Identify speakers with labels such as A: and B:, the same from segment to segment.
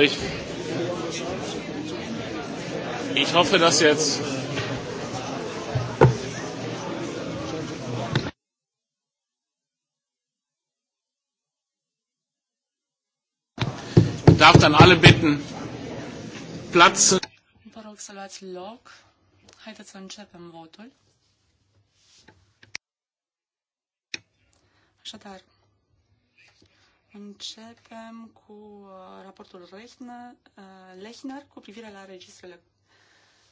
A: Ich, ich hoffe, dass jetzt. Ich darf dann alle bitten, Platz. zu.
B: Așadar, Începem cu uh, raportul uh, Lechner cu privire la registrele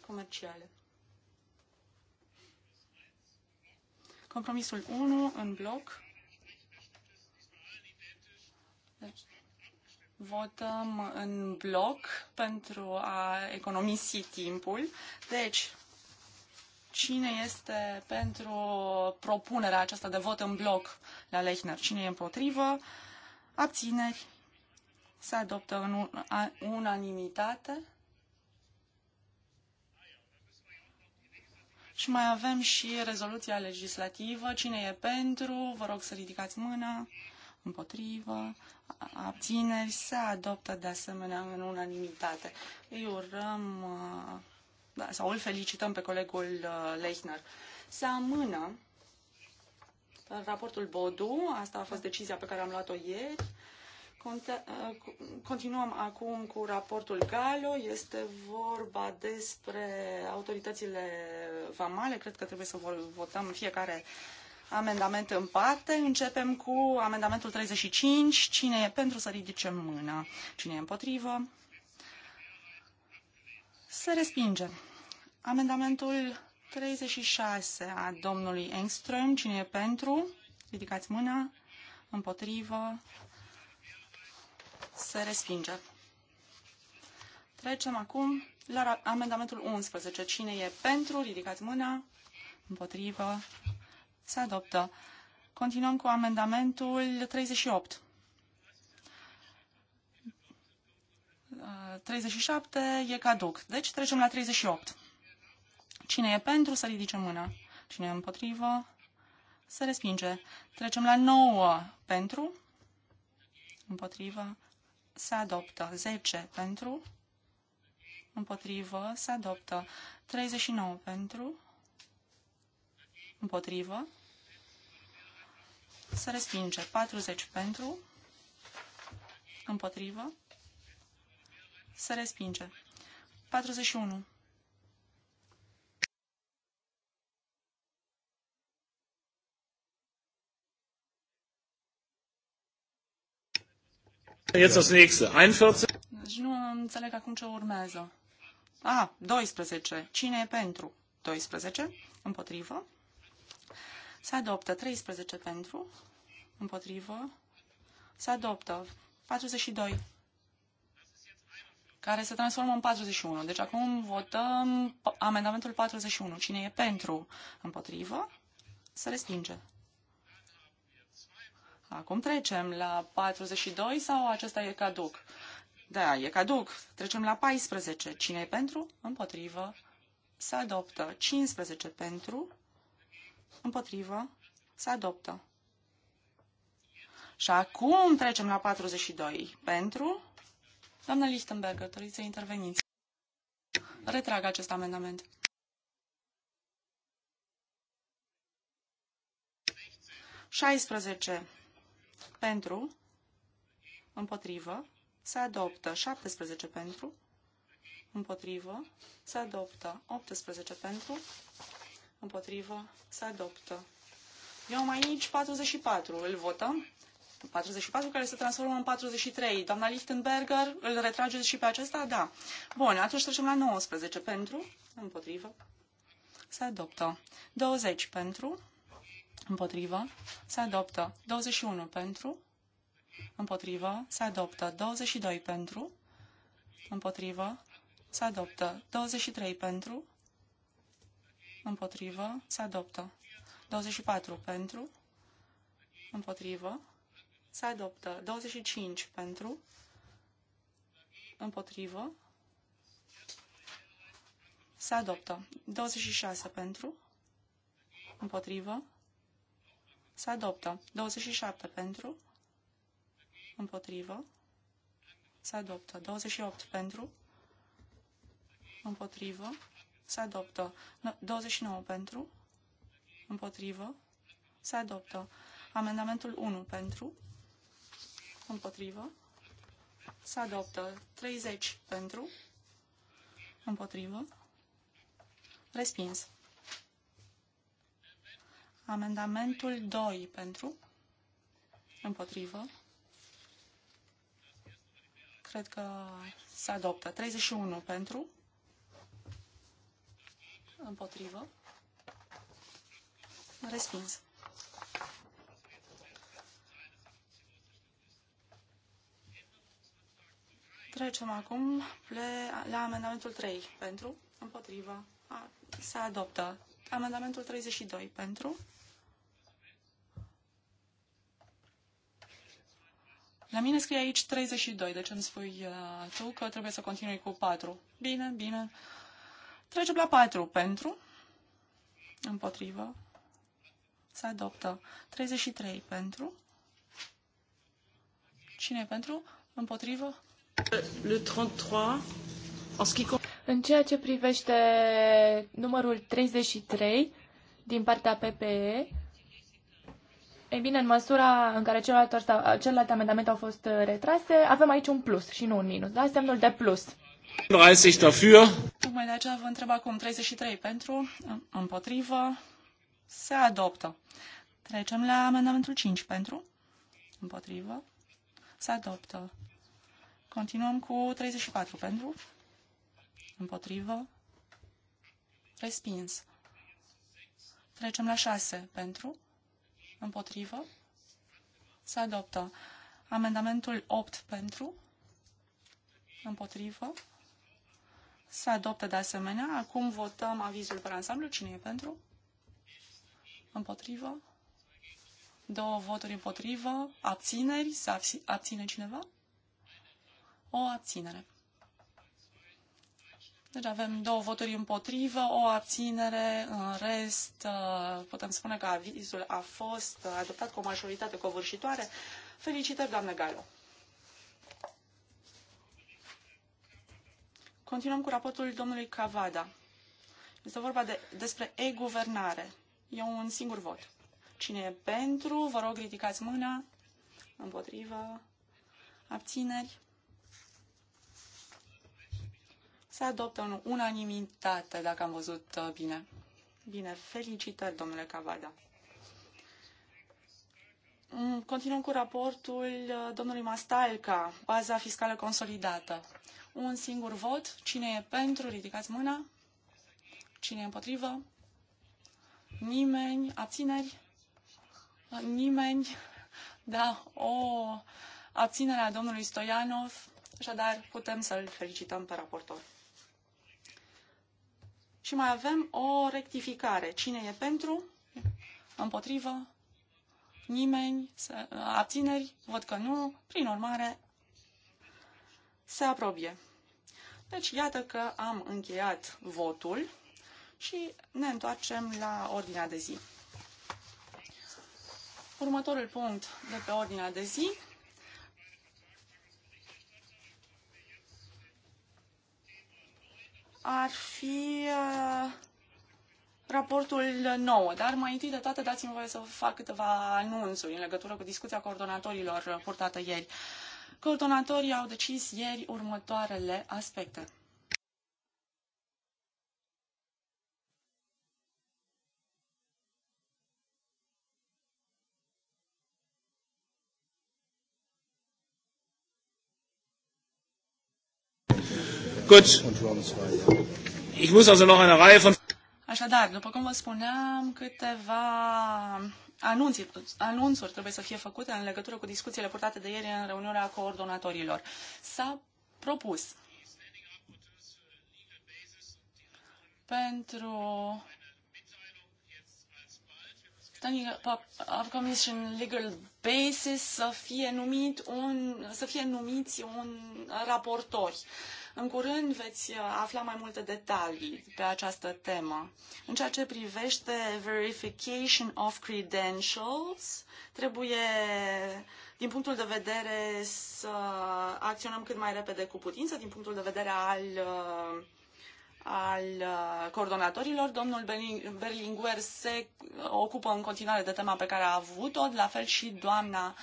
B: comerciale. Compromisul 1 în bloc. Deci, votăm în bloc pentru a economisi timpul. Deci, cine este pentru propunerea aceasta de vot în bloc la Lechner? Cine e împotrivă? abțineri, se adoptă în unanimitate. Și mai avem și rezoluția legislativă. Cine e pentru? Vă rog să ridicați mâna. Împotrivă. Abțineri. Se adoptă de asemenea în unanimitate. Îi urăm uh, da, sau îl felicităm pe colegul uh, Lechner. Se amână raportul Bodu, asta a fost decizia pe care am luat-o ieri. Uh, continuăm acum cu raportul Galo. Este vorba despre autoritățile vamale. Cred că trebuie să votăm fiecare amendament în parte. Începem cu amendamentul 35. Cine e pentru să ridicem mâna? Cine e împotrivă? Se respinge. Amendamentul 36 a domnului Engström. Cine e pentru? Ridicați mâna. Împotrivă. Se respinge. Trecem acum la amendamentul 11. Cine e pentru? Ridicați mâna. Împotrivă. Se adoptă. Continuăm cu amendamentul 38. 37 uh, e caduc. Deci trecem la 38. Cine e pentru să ridice mâna? Cine e împotrivă? Se respinge. Trecem la 9 pentru. Împotrivă. Se adoptă. 10 pentru. Împotrivă. Se adoptă. 39 pentru. Împotrivă. Se respinge. 40 pentru. Împotrivă. Se respinge. 41
A: Jetzt das nächste. 41.
C: Deci
B: nu înțeleg acum ce urmează. A, ah, 12. Cine e pentru? 12. Împotrivă. Se adoptă 13 pentru. Împotrivă. Se adoptă 42. Care se transformă în 41. Deci acum votăm amendamentul 41. Cine e pentru? Împotrivă. Se respinge. Acum trecem la 42 sau acesta e caduc? Da, e caduc. Trecem la 14. Cine e pentru? Împotrivă. Se adoptă. 15 pentru. Împotrivă. Se adoptă. Și acum trecem la 42. Pentru. Doamna Lichtenberger, doriți să interveniți. Retrag acest amendament. șaisprezece pentru, împotrivă, se adoptă 17 pentru, împotrivă, se adoptă 18 pentru, împotrivă, se adoptă. Eu am aici 44, îl votăm. 44 care se transformă în 43. Doamna Lichtenberger, îl retrageți și pe acesta? Da. Bun, atunci trecem la 19 pentru, împotrivă, se adoptă. 20 pentru, împotrivă, se adoptă 21 pentru, împotrivă, se adoptă 22 pentru, împotrivă, se adoptă 23 pentru, împotrivă, se adoptă 24 pentru, împotrivă, se adoptă 25 pentru, împotrivă, se adoptă 26 pentru, împotrivă, se adoptă. 27 pentru. Împotrivă. Se adoptă. 28 pentru. Împotrivă. Se adoptă. 29 pentru. Împotrivă. Se adoptă. Amendamentul 1 pentru. Împotrivă. Se adoptă. 30 pentru. Împotrivă. Respins. Amendamentul 2 pentru, împotrivă, cred că se adoptă. 31 pentru, împotrivă, respins. Trecem acum la amendamentul 3 pentru, împotrivă, A, se adoptă. Amendamentul 32 pentru, La mine scrie aici 32, deci îmi spui uh, tu că trebuie să continui cu 4. Bine, bine. Trecem la 4. Pentru. Împotrivă. Se adoptă. 33 pentru.
C: Cine pentru? Împotrivă?
B: Le 33.
C: În ceea ce privește numărul 33 din partea PPE, ei bine, în măsura în care celelalte, amendamente au fost uh, retrase, avem aici un plus și nu un minus, da? Semnul de plus.
A: 30 dafür.
B: Tocmai de aceea vă întreb acum, 33 pentru, împotrivă, se adoptă. Trecem la amendamentul 5 pentru, împotrivă, se adoptă. Continuăm cu 34 pentru, împotrivă, respins. Trecem la 6 pentru, Împotrivă? Se adoptă. Amendamentul 8 pentru? Împotrivă? Se adoptă de asemenea. Acum votăm avizul pe ansamblu. Cine e pentru? Împotrivă? Două voturi împotrivă. Abțineri? Se abține cineva? O abținere. Deci avem două voturi împotrivă, o abținere, în rest uh, putem spune că avizul a fost adoptat cu o majoritate covârșitoare. Felicitări, doamnă Galo! Continuăm cu raportul domnului Cavada. Este vorba de, despre e-guvernare. E un singur vot. Cine e pentru, vă rog, ridicați mâna. Împotrivă. Abțineri. se adoptă în unanimitate, dacă am văzut uh, bine. Bine, felicitări, domnule Cavada. Mm, continuăm cu raportul uh, domnului Mastalca, baza fiscală consolidată. Un singur vot. Cine e pentru? Ridicați mâna. Cine e împotrivă? Nimeni. Abțineri? Nimeni. Da, o abținere a domnului Stoianov. Așadar, putem să-l felicităm pe raportor. Și mai avem o rectificare. Cine e pentru? Împotrivă? Nimeni? Abțineri? Văd că nu. Prin urmare, se aprobie. Deci, iată că am încheiat votul și ne întoarcem la ordinea de zi. Următorul punct de pe ordinea de zi ar fi uh, raportul nou, dar mai întâi de toate dați-mi voie să fac câteva anunțuri în legătură cu discuția coordonatorilor purtată ieri. Coordonatorii au decis ieri următoarele aspecte.
A: Gut. Ich muss also noch eine Reihe von...
B: Așadar, după cum vă spuneam, câteva anunțuri, anunțuri trebuie să fie făcute în legătură cu discuțiile purtate de ieri în reuniunea coordonatorilor. S-a propus pentru Commission Legal Basis să fie numit un, să fie numiți un raportori. Uh, în curând veți uh, afla mai multe detalii pe această temă. În ceea ce privește verification of credentials, trebuie din punctul de vedere să acționăm cât mai repede cu putință, din punctul de vedere al uh, al uh, coordonatorilor. Domnul Berlinguer se ocupă în continuare de tema pe care a avut-o, la fel și doamna uh,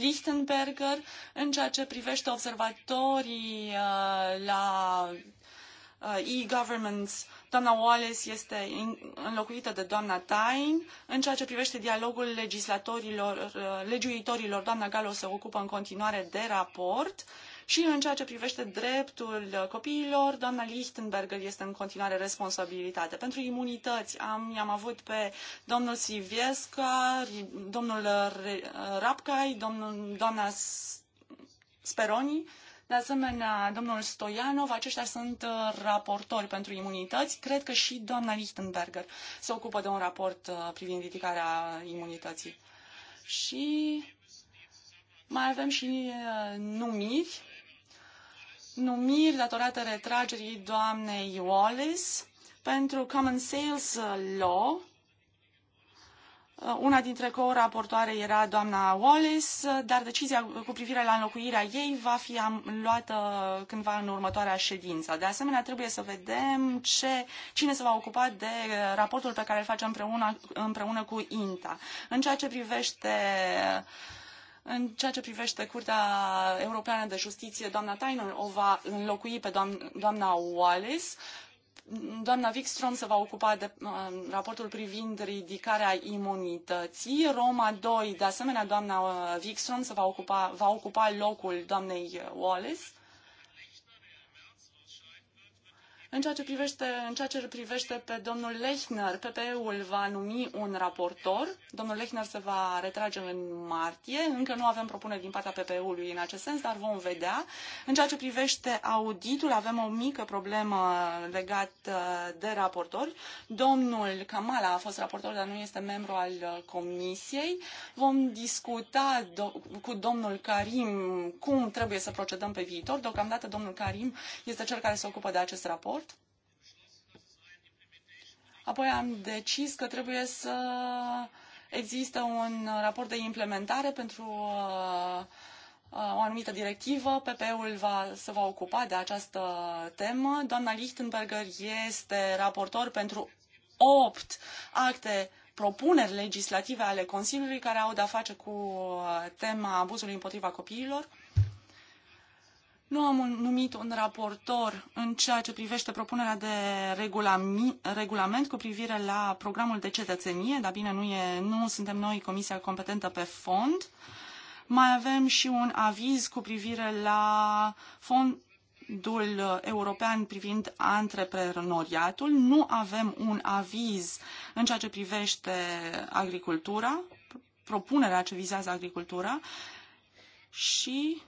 B: Lichtenberger în ceea ce privește observatorii uh, la uh, e-governments. Doamna Wallace este înlocuită de doamna Tain. În ceea ce privește dialogul legislatorilor, uh, legiuitorilor, doamna Gallo se ocupă în continuare de raport. Uh, și în ceea ce privește dreptul copiilor, doamna Lichtenberger este în continuare responsabilitate. Pentru imunități am, am avut pe domnul Siviesca, domnul Rapcai, domnul, doamna Speroni, de asemenea, domnul Stoianov, aceștia sunt uh, raportori pentru imunități. Cred că și doamna Lichtenberger se ocupă de un raport uh, privind ridicarea imunității. Și mai avem și uh, numiri numiri datorate retragerii doamnei Wallace pentru Common Sales Law. Uh, una dintre co-raportoare era doamna Wallace, uh, dar decizia cu privire la înlocuirea ei va fi luată cândva în următoarea ședință. De asemenea, trebuie să vedem ce, cine se va ocupa de uh, raportul pe care îl facem împreună, împreună cu INTA. În ceea ce privește uh, în ceea ce privește Curtea Europeană de Justiție, doamna Tainer o va înlocui pe doamna Wallace. Doamna Wikström se va ocupa de uh, raportul privind ridicarea imunității. Roma 2, de asemenea, doamna uh, Wikström se va ocupa, va ocupa locul doamnei uh, Wallace. În ceea ce privește, în ceea ce privește pe domnul Lechner, PPE-ul va numi un raportor. Domnul Lechner se va retrage în martie. Încă nu avem propuneri din partea PPE-ului în acest sens, dar vom vedea. În ceea ce privește auditul, avem o mică problemă legată de raportori. Domnul Kamala a fost raportor, dar nu este membru al comisiei. Vom discuta do- cu domnul Karim cum trebuie să procedăm pe viitor. Deocamdată domnul Karim este cel care se ocupă de acest raport Apoi am decis că trebuie să există un raport de implementare pentru uh, o anumită directivă. ppe ul va, se va ocupa de această temă. Doamna Lichtenberger este raportor pentru opt acte propuneri legislative ale Consiliului care au de-a face cu tema abuzului împotriva copiilor. Nu am numit un raportor în ceea ce privește propunerea de regulament cu privire la programul de cetățenie, dar bine, nu, e, nu suntem noi comisia competentă pe fond. Mai avem și un aviz cu privire la Fondul European privind antreprenoriatul. Nu avem un aviz în ceea ce privește agricultura, propunerea ce vizează agricultura și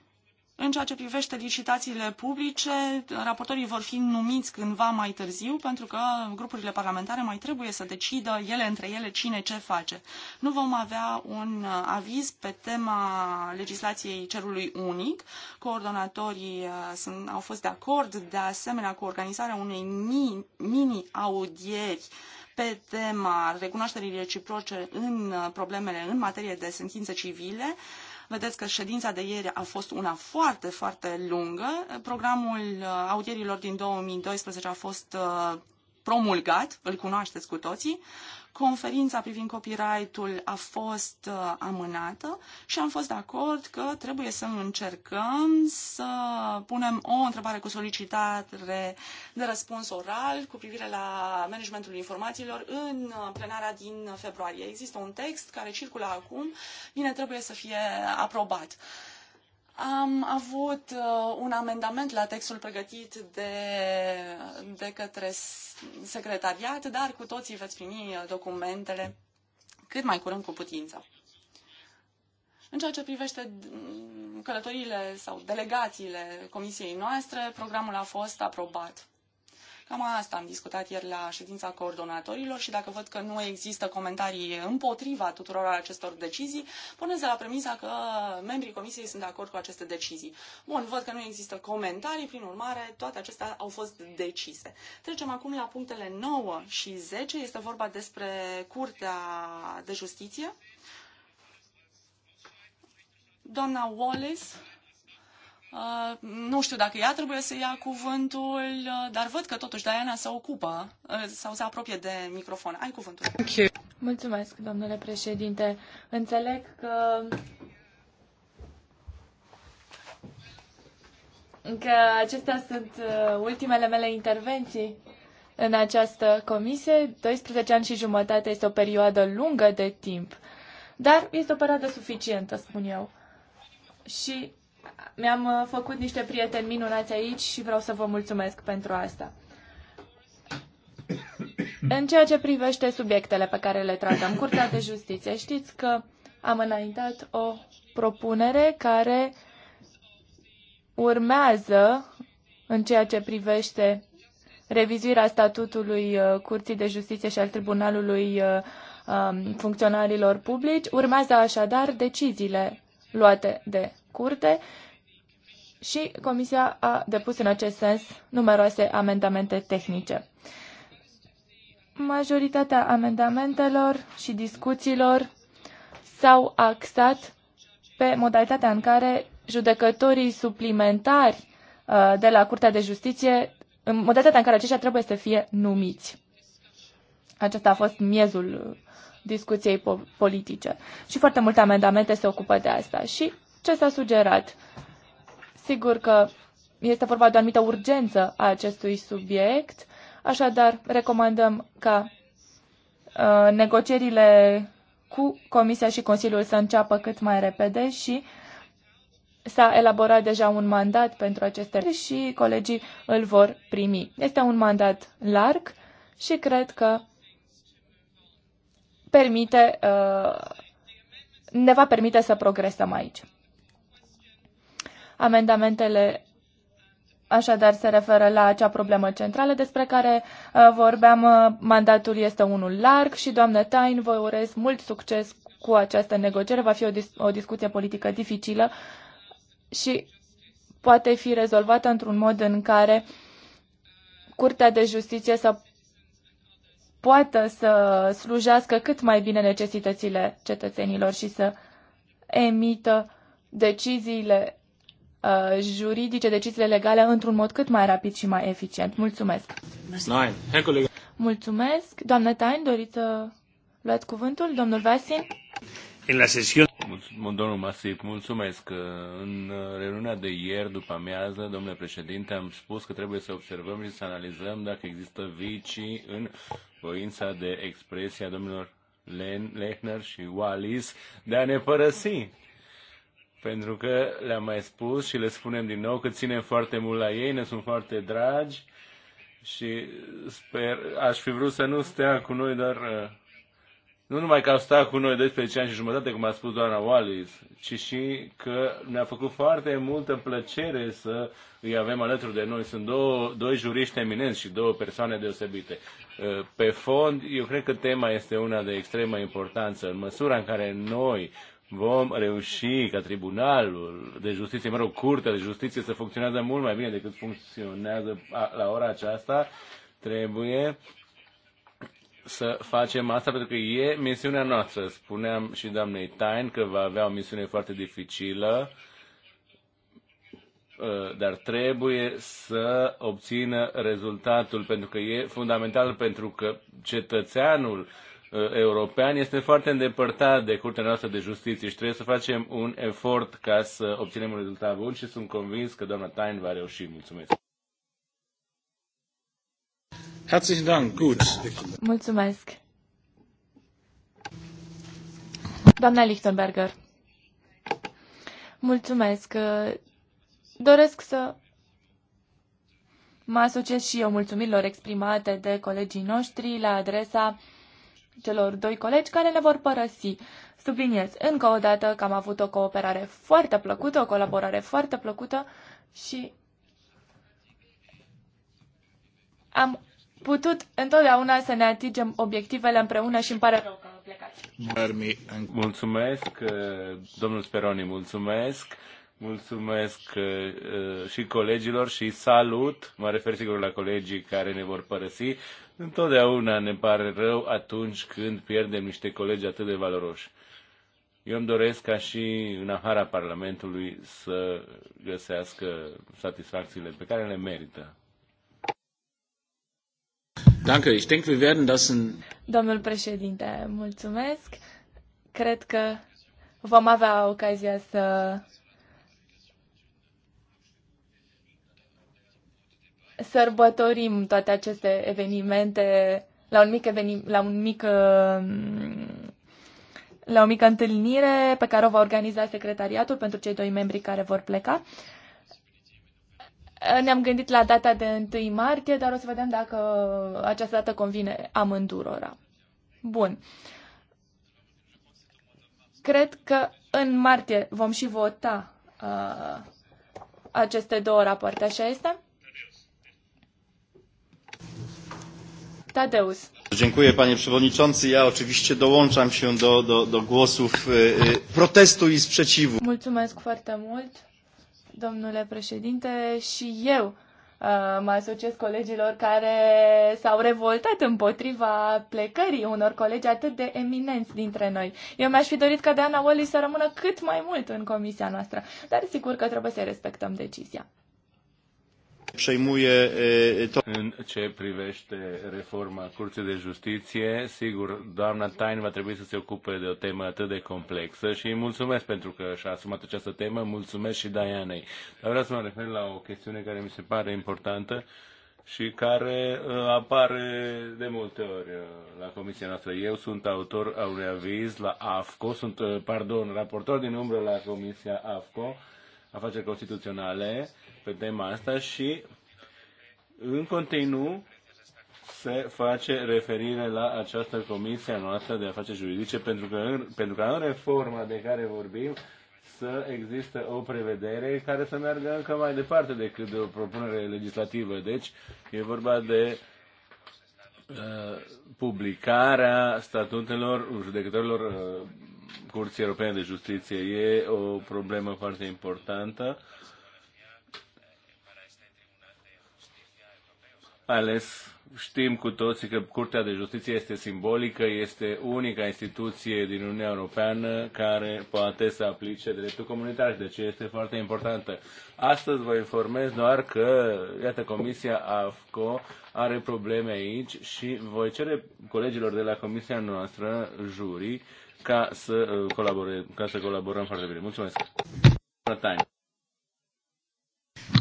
B: în ceea ce privește licitațiile publice, raportorii vor fi numiți cândva mai târziu, pentru că grupurile parlamentare mai trebuie să decidă ele între ele cine ce face. Nu vom avea un aviz pe tema legislației cerului unic. Coordonatorii uh, sunt, au fost de acord, de asemenea, cu organizarea unei mini-audieri pe tema recunoașterii reciproce în uh, problemele în materie de sentințe civile. Vedeți că ședința de ieri a fost una foarte, foarte lungă. Programul uh, audierilor din 2012 a fost uh, promulgat, îl cunoașteți cu toții conferința privind copyright-ul a fost uh, amânată și am fost de acord că trebuie să încercăm să punem o întrebare cu solicitare de răspuns oral cu privire la managementul informațiilor în uh, plenarea din februarie. Există un text care circulă acum, bine, trebuie să fie aprobat. Uh, am avut uh, un amendament la textul pregătit de, de către secretariat, dar cu toții veți primi documentele cât mai curând cu putință. În ceea ce privește mm, călătoriile sau delegațiile comisiei noastre, programul a fost aprobat. Cam asta am discutat ieri la ședința coordonatorilor și dacă văd că nu există comentarii împotriva tuturor acestor decizii, puneți de la premisa că membrii comisiei sunt de acord cu aceste decizii. Bun, văd că nu există comentarii, prin urmare, toate acestea au fost decise. Trecem acum la punctele 9 și 10. Este vorba despre Curtea de Justiție. Doamna Wallace Uh, nu știu dacă ea trebuie să ia cuvântul, uh, dar văd că totuși Diana se ocupă uh, sau se apropie de microfon. Ai cuvântul.
C: Mulțumesc, domnule președinte. Înțeleg că că acestea sunt ultimele mele intervenții în această comisie. 12 ani și jumătate este o perioadă lungă de timp, dar este o perioadă suficientă, spun eu. Și mi-am uh, făcut niște prieteni minunați aici și vreau să vă mulțumesc pentru asta. În ceea ce privește subiectele pe care le tratăm, Curtea de Justiție, știți că am înaintat o propunere care urmează în ceea ce privește revizuirea statutului uh, Curții de Justiție și al Tribunalului uh, um, funcționarilor publici. Urmează așadar deciziile luate de curte și Comisia a depus în acest sens numeroase amendamente tehnice. Majoritatea amendamentelor și discuțiilor s-au axat pe modalitatea în care judecătorii suplimentari uh, de la Curtea de Justiție, în modalitatea în care aceștia trebuie să fie numiți. Acesta a fost miezul discuției politice. Și foarte multe amendamente se ocupă de asta. Și ce s-a sugerat. Sigur că este vorba de o anumită urgență a acestui subiect, așadar recomandăm ca uh, negocierile cu Comisia și Consiliul să înceapă cât mai repede și s-a elaborat deja un mandat pentru aceste și colegii îl vor primi. Este un mandat larg și cred că permite, uh, ne va permite să progresăm aici. Amendamentele așadar se referă la acea problemă centrală despre care uh, vorbeam. Uh, mandatul este unul larg și, doamnă Tain, vă urez mult succes cu această negociere. Va fi o, dis- o discuție politică dificilă și poate fi rezolvată într-un mod în care Curtea de Justiție să poată să slujească cât mai bine necesitățile cetățenilor și să emită deciziile Uh, juridice deciziile legale într-un mod cât mai rapid și mai eficient. Mulțumesc! Mulțumesc! Doamnă Tain, doriți să luați cuvântul? Domnul Vasin?
A: În la sesiune... domnul Masip, mulțumesc. În uh, reuniunea de ieri, după amiază, domnule președinte, am spus că trebuie să observăm și să analizăm dacă există vicii în voința de expresie a domnilor Lehner și Wallis de a ne părăsi pentru că le-am mai spus și le spunem din nou că ținem foarte mult la ei, ne sunt foarte dragi și sper, aș fi vrut să nu stea cu noi dar uh, nu numai că au stat cu noi 12 ani și jumătate, cum a spus doamna Wallis, ci și că ne-a făcut foarte multă plăcere să îi avem alături de noi. Sunt două, doi juriști eminenți și două persoane deosebite. Uh, pe fond, eu cred că tema este una de extremă importanță. În măsura în care noi vom reuși ca tribunalul de justiție, mă rog, curtea de justiție să funcționează mult mai bine decât funcționează la ora aceasta, trebuie să facem asta pentru că e misiunea noastră. Spuneam și doamnei Tain că va avea o misiune foarte dificilă, ă, dar trebuie să obțină rezultatul pentru că e fundamental pentru că cetățeanul uh, Uh, european este foarte îndepărtat de Curtea noastră de Justiție și trebuie să facem un efort ca să obținem un rezultat bun și sunt convins că doamna Tain va reuși. Mulțumesc! Herzlichen Dank. Gut.
C: Mulțumesc. Doamna Lichtenberger. Mulțumesc. Doresc să mă asociez și eu mulțumirilor exprimate de colegii noștri la adresa celor doi colegi care ne vor părăsi. Subliniez încă o dată că am avut o cooperare foarte plăcută, o colaborare foarte plăcută și am putut întotdeauna să ne atingem obiectivele împreună și îmi pare rău că
A: plecați. Mulțumesc, uh, domnul Speroni, mulțumesc. Mulțumesc uh, uh, și colegilor și salut, mă refer sigur la colegii care ne vor părăsi Întotdeauna ne pare rău atunci când pierdem niște colegi atât de valoroși. Eu îmi doresc ca și în afara Parlamentului să găsească satisfacțiile pe care le merită. Danke, ich denke, wir werden das in...
C: Domnul președinte, mulțumesc. Cred că vom avea ocazia să sărbătorim toate aceste evenimente la un mic, eveni- la un mic um, la o mică întâlnire pe care o va organiza secretariatul pentru cei doi membri care vor pleca. Ne-am gândit la data de 1 martie, dar o să vedem dacă această dată convine amândurora. Bun. Cred că în martie vom și vota uh, aceste două rapoarte, așa este?
A: Dziękuję panie przewodniczący. Ja oczywiście dołączam się do, do, do głosów protestu i sprzeciwu.
C: Mulțumesc foarte mult, domnule președinte, și eu mă asociez colegilor care s-au revoltat împotriva plecării unor colegi atât de eminenți dintre noi. Eu mi-aș fi dorit ca Deana Wally să rămână cât mai mult în comisia noastră, dar sigur că trebuie să respectăm decizia.
B: Przejmuje
A: to... În ce privește reforma Curții de Justiție, sigur, doamna Tain va trebui să se ocupe de o temă atât de complexă și îi mulțumesc pentru că și-a asumat această temă, mulțumesc și Dianei. Dar vreau să mă refer la o chestiune care mi se pare importantă și care apare de multe ori la comisia noastră. Eu sunt autor a unui aviz la AFCO, sunt, pardon, raportor din umbră la comisia AFCO, afaceri constituționale, pe tema asta și în continuu se face referire la această comisie noastră de afaceri juridice pentru că în, pentru că în reforma de care vorbim să există o prevedere care să meargă încă mai departe decât de o propunere legislativă. Deci e vorba de uh, publicarea statutelor judecătorilor uh, Curții Europene de Justiție. E o problemă foarte importantă mai ales știm cu toții că Curtea de Justiție este simbolică, este unica instituție din Uniunea Europeană care poate să aplice dreptul comunitar și de deci ce este foarte importantă. Astăzi vă informez doar că, iată, Comisia AFCO are probleme aici și voi cere colegilor de la Comisia noastră, jurii, ca să uh, colaborăm, ca să colaborăm foarte bine. Mulțumesc! time.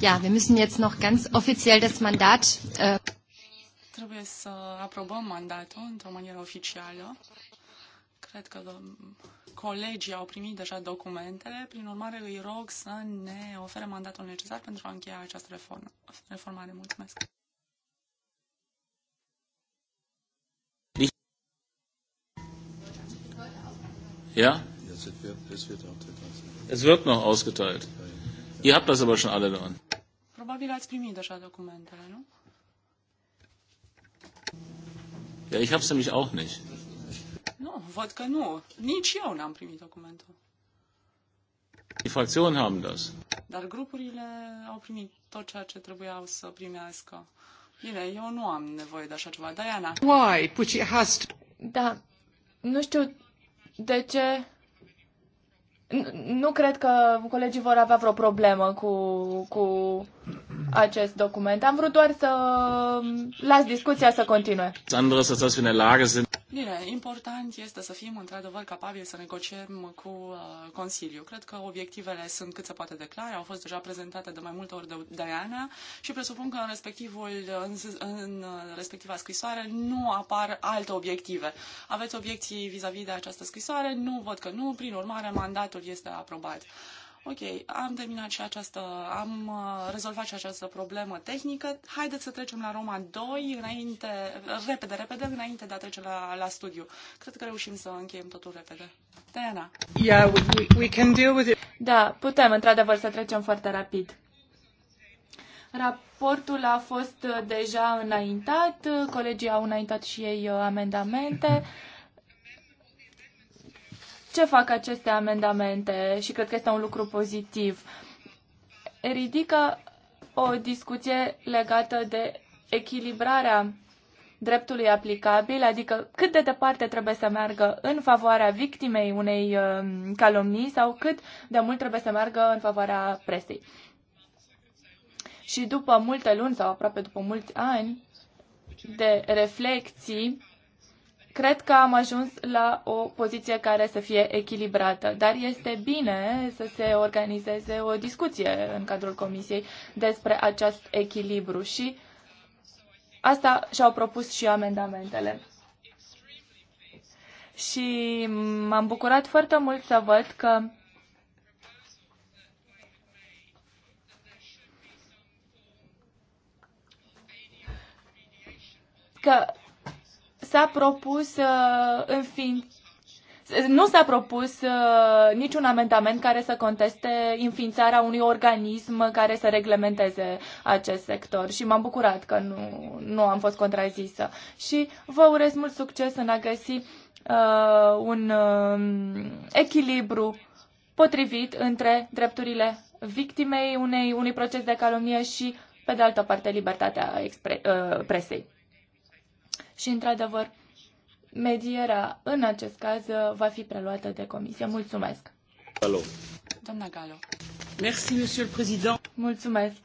C: Ja, wir müssen jetzt noch ganz offiziell das Mandat. Äh,
B: Trebuie să aprobăm mandatul într-o manieră oficială. Cred că colegii au primit deja documentele, prin urmare îi rog să ne ofere mandatul necesar pentru a încheia această reformă. reformare. Mulțumesc!
A: Ja? Es wird noch ausgeteilt. Ihr habt das aber schon alle da.
B: Probabil als primit deja documentele, nu?
A: Ja, ich hab's nämlich auch nicht.
B: Nu, văd că nu. Nici eu n-am primit documentul.
A: Die
C: Fraktionen haben das.
B: Dar grupurile au primit tot ceea ce trebuiau să primească. Bine, eu nu am nevoie de așa ceva. Diana.
C: Why? Put it has to... Da. Nu știu de ce nu cred că colegii vor avea vreo problemă cu, cu acest document. Am vrut doar să las discuția să continue. Bine,
B: important este să fim într-adevăr capabili să negociem cu uh, Consiliu. Cred că obiectivele sunt cât se poate de clare, au fost deja prezentate de mai multe ori de Diana și presupun că în, respectivul, în, în uh, respectiva scrisoare nu apar alte obiective. Aveți obiecții vis-a-vis -vis de această scrisoare? Nu, văd că nu. Prin urmare, mandatul este aprobat ok, am terminat și această, am uh, rezolvat și această problemă tehnică, haideți să trecem la Roma 2 înainte, repede, repede, înainte de a trece la, la studiu. Cred că reușim să încheiem totul repede. Diana.
C: Yeah, we, we can deal with it. Da, putem într-adevăr să trecem foarte rapid. Raportul a fost uh, deja înaintat, uh, colegii au înaintat și ei amendamente. Mm-hmm ce fac aceste amendamente și cred că este un lucru pozitiv. Ridică o discuție legată de echilibrarea dreptului aplicabil, adică cât de departe trebuie să meargă în favoarea victimei unei um, calomnii sau cât de mult trebuie să meargă în favoarea presei. Și după multe luni sau aproape după mulți ani de reflexii, cred că am ajuns la o poziție care să fie echilibrată, dar este bine să se organizeze o discuție în cadrul comisiei despre acest echilibru și asta și-au propus și amendamentele. Și m-am bucurat foarte mult să văd că că s-a propus uh, în fin... Nu s-a propus uh, niciun amendament care să conteste înființarea unui organism care să reglementeze acest sector și m-am bucurat că nu, nu am fost contrazisă. Și vă urez mult succes în a găsi uh, un uh, echilibru potrivit între drepturile victimei unei, unui proces de calomnie și, pe de altă parte, libertatea expre- uh, presei și, într-adevăr, medierea în acest caz va fi preluată de comisie. Mulțumesc! Galo. Doamna Galo. Merci, monsieur le président. Mulțumesc!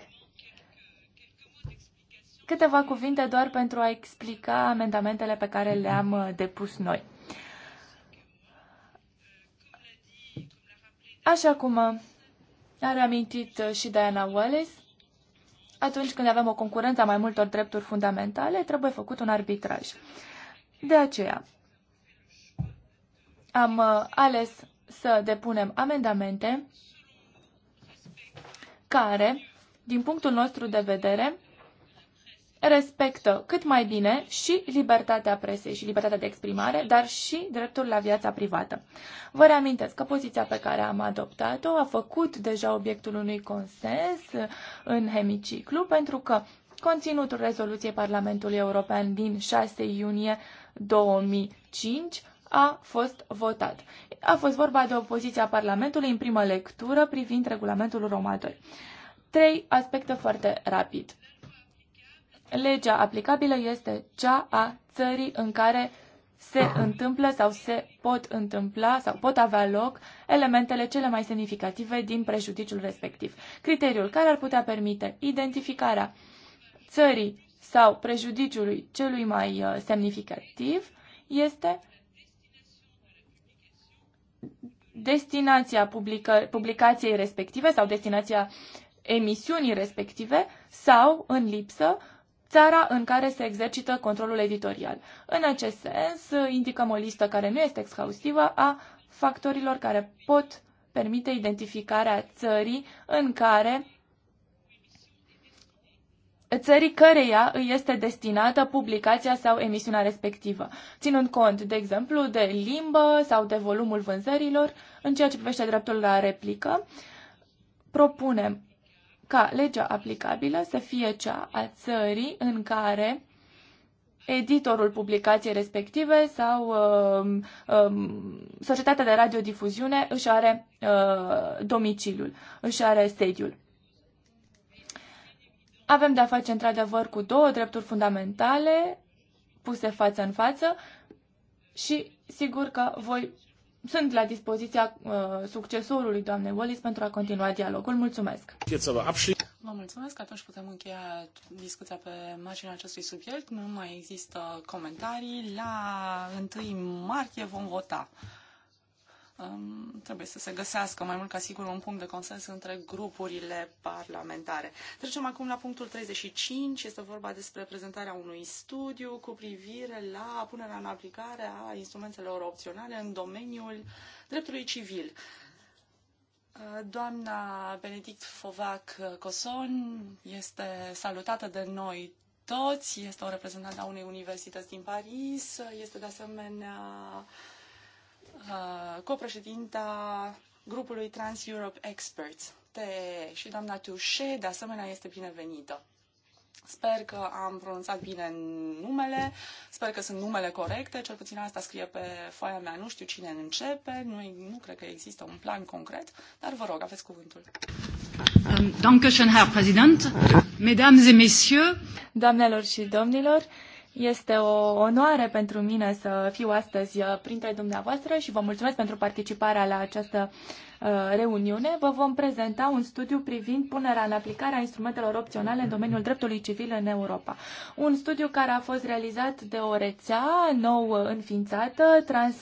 C: Câteva cuvinte doar pentru a explica amendamentele pe care le-am uh, depus noi. Așa cum uh, a reamintit uh, și Diana Wallace, atunci când avem o concurență a mai multor drepturi fundamentale, trebuie făcut un arbitraj. De aceea, am uh, ales să depunem amendamente care, din punctul nostru de vedere, respectă cât mai bine și libertatea presei și libertatea de exprimare, dar și dreptul la viața privată. Vă reamintesc că poziția pe care am adoptat-o a făcut deja obiectul unui consens în hemiciclu, pentru că conținutul rezoluției Parlamentului European din 6 iunie 2005 a fost votat. A fost vorba de opoziția Parlamentului în primă lectură privind regulamentul Roma 2. Trei aspecte foarte rapid legea aplicabilă este cea a țării în care se întâmplă sau se pot întâmpla sau pot avea loc elementele cele mai semnificative din prejudiciul respectiv. Criteriul care ar putea permite identificarea țării sau prejudiciului celui mai uh, semnificativ este destinația publică, publicației respective sau destinația emisiunii respective sau, în lipsă, țara în care se exercită controlul editorial. În acest sens, indicăm o listă care nu este exhaustivă a factorilor care pot permite identificarea țării în care țării căreia îi este destinată publicația sau emisiunea respectivă, ținând cont, de exemplu, de limbă sau de volumul vânzărilor, în ceea ce privește dreptul la replică, propunem ca legea aplicabilă să fie cea a țării în care editorul publicației respective sau uh, uh, societatea de radiodifuziune își are uh, domiciliul, își are sediul. Avem de-a face într-adevăr cu două drepturi fundamentale puse față în față și sigur că voi sunt la dispoziția uh, succesorului doamnei Wallis pentru a continua dialogul. Mulțumesc! Vă mulțumesc, atunci
B: putem încheia discuția pe marginea acestui subiect. Nu mai există comentarii. La 1 martie vom vota trebuie să se găsească mai mult ca sigur un punct de consens între grupurile parlamentare. Trecem acum la punctul 35. Este vorba despre prezentarea unui studiu cu privire la punerea în aplicare a instrumentelor opționale în domeniul dreptului civil. Doamna Benedict Fovac Coson este salutată de noi toți, este o reprezentantă a unei universități din Paris, este de asemenea uh, Uh, copreședinta grupului Trans-Europe Experts, TE, și doamna Tușe, de asemenea, este binevenită. Sper că am pronunțat bine numele, sper că sunt numele corecte, cel puțin asta scrie pe foaia mea, nu știu cine începe, nu, nu cred că există un plan concret, dar vă rog, aveți cuvântul.
C: Um, dankeschön, Doamnelor și domnilor, este o onoare pentru mine să fiu astăzi uh, printre dumneavoastră și vă mulțumesc pentru participarea la această Uh, reuniune vă vom prezenta un studiu privind punerea în aplicare a instrumentelor opționale în domeniul dreptului civil în Europa. Un studiu care a fost realizat de o rețea nou înființată, Trans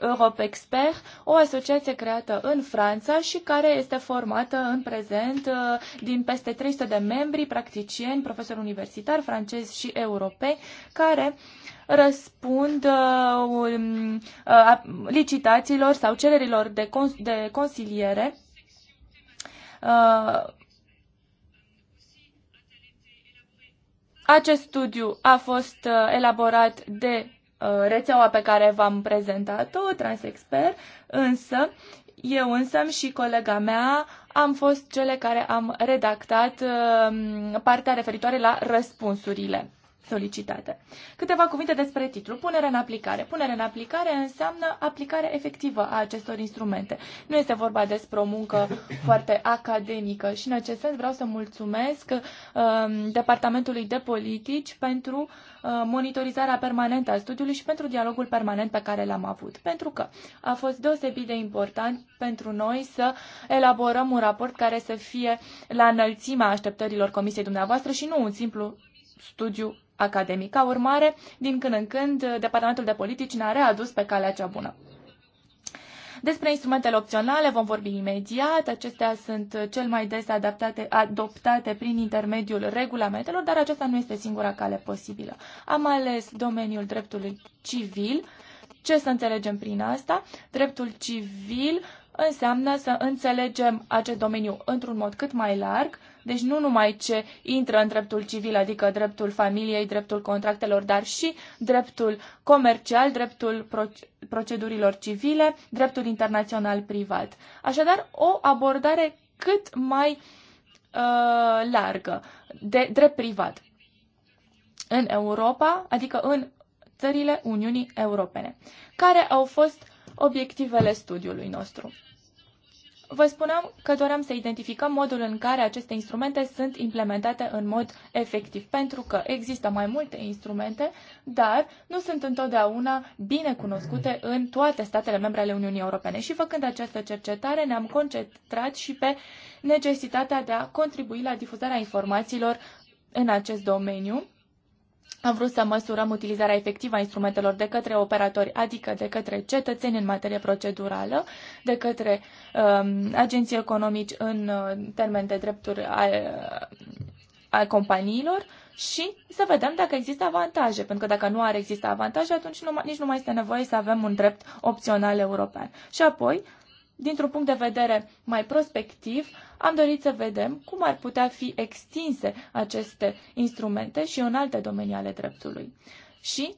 C: Europe Expert, o asociație creată în Franța și care este formată în prezent uh, din peste 300 de membri, practicieni, profesori universitari francezi și europeni, care răspund uh, um, uh, licitațiilor sau cererilor de, cons- de consiliere uh, Acest studiu a fost elaborat de rețeaua pe care v-am prezentat-o, transexpert, însă eu însă și colega mea am fost cele care am redactat um, partea referitoare la răspunsurile solicitate. Câteva cuvinte despre titlu. Punere în aplicare. Punere în aplicare înseamnă aplicare efectivă a acestor instrumente. Nu este vorba despre o muncă foarte academică și în acest sens vreau să mulțumesc um, Departamentului de Politici pentru uh, monitorizarea permanentă a studiului și pentru dialogul permanent pe care l-am avut. Pentru că a fost deosebit de important pentru noi să elaborăm un raport care să fie la înălțimea așteptărilor Comisiei dumneavoastră și nu un simplu studiu academic. Ca urmare, din când în când, Departamentul de Politici ne-a readus pe calea cea bună. Despre instrumentele opționale vom vorbi imediat. Acestea sunt cel mai des adaptate, adoptate prin intermediul regulamentelor, dar aceasta nu este singura cale posibilă. Am ales domeniul dreptului civil. Ce să înțelegem prin asta? Dreptul civil înseamnă să înțelegem acest domeniu într-un mod cât mai larg, deci nu numai ce intră în dreptul civil, adică dreptul familiei, dreptul contractelor, dar și dreptul comercial, dreptul procedurilor civile, dreptul internațional privat. Așadar, o abordare cât mai uh, largă de drept privat în Europa, adică în țările Uniunii Europene. Care au fost obiectivele studiului nostru? Vă spuneam că doream să identificăm modul în care aceste instrumente sunt implementate în mod efectiv, pentru că există mai multe instrumente, dar nu sunt întotdeauna bine cunoscute în toate statele membre ale Uniunii Europene. Și făcând această cercetare, ne-am concentrat și pe necesitatea de a contribui la difuzarea informațiilor în acest domeniu am vrut să măsurăm utilizarea efectivă a instrumentelor de către operatori, adică de către cetățeni în materie procedurală, de către um, agenții economici în uh, termen de drepturi ale al companiilor și să vedem dacă există avantaje, pentru că dacă nu ar exista avantaje, atunci nu, nici nu mai este nevoie să avem un drept opțional european. Și apoi dintr-un punct de vedere mai prospectiv, am dorit să vedem cum ar putea fi extinse aceste instrumente și în alte domenii ale dreptului. Și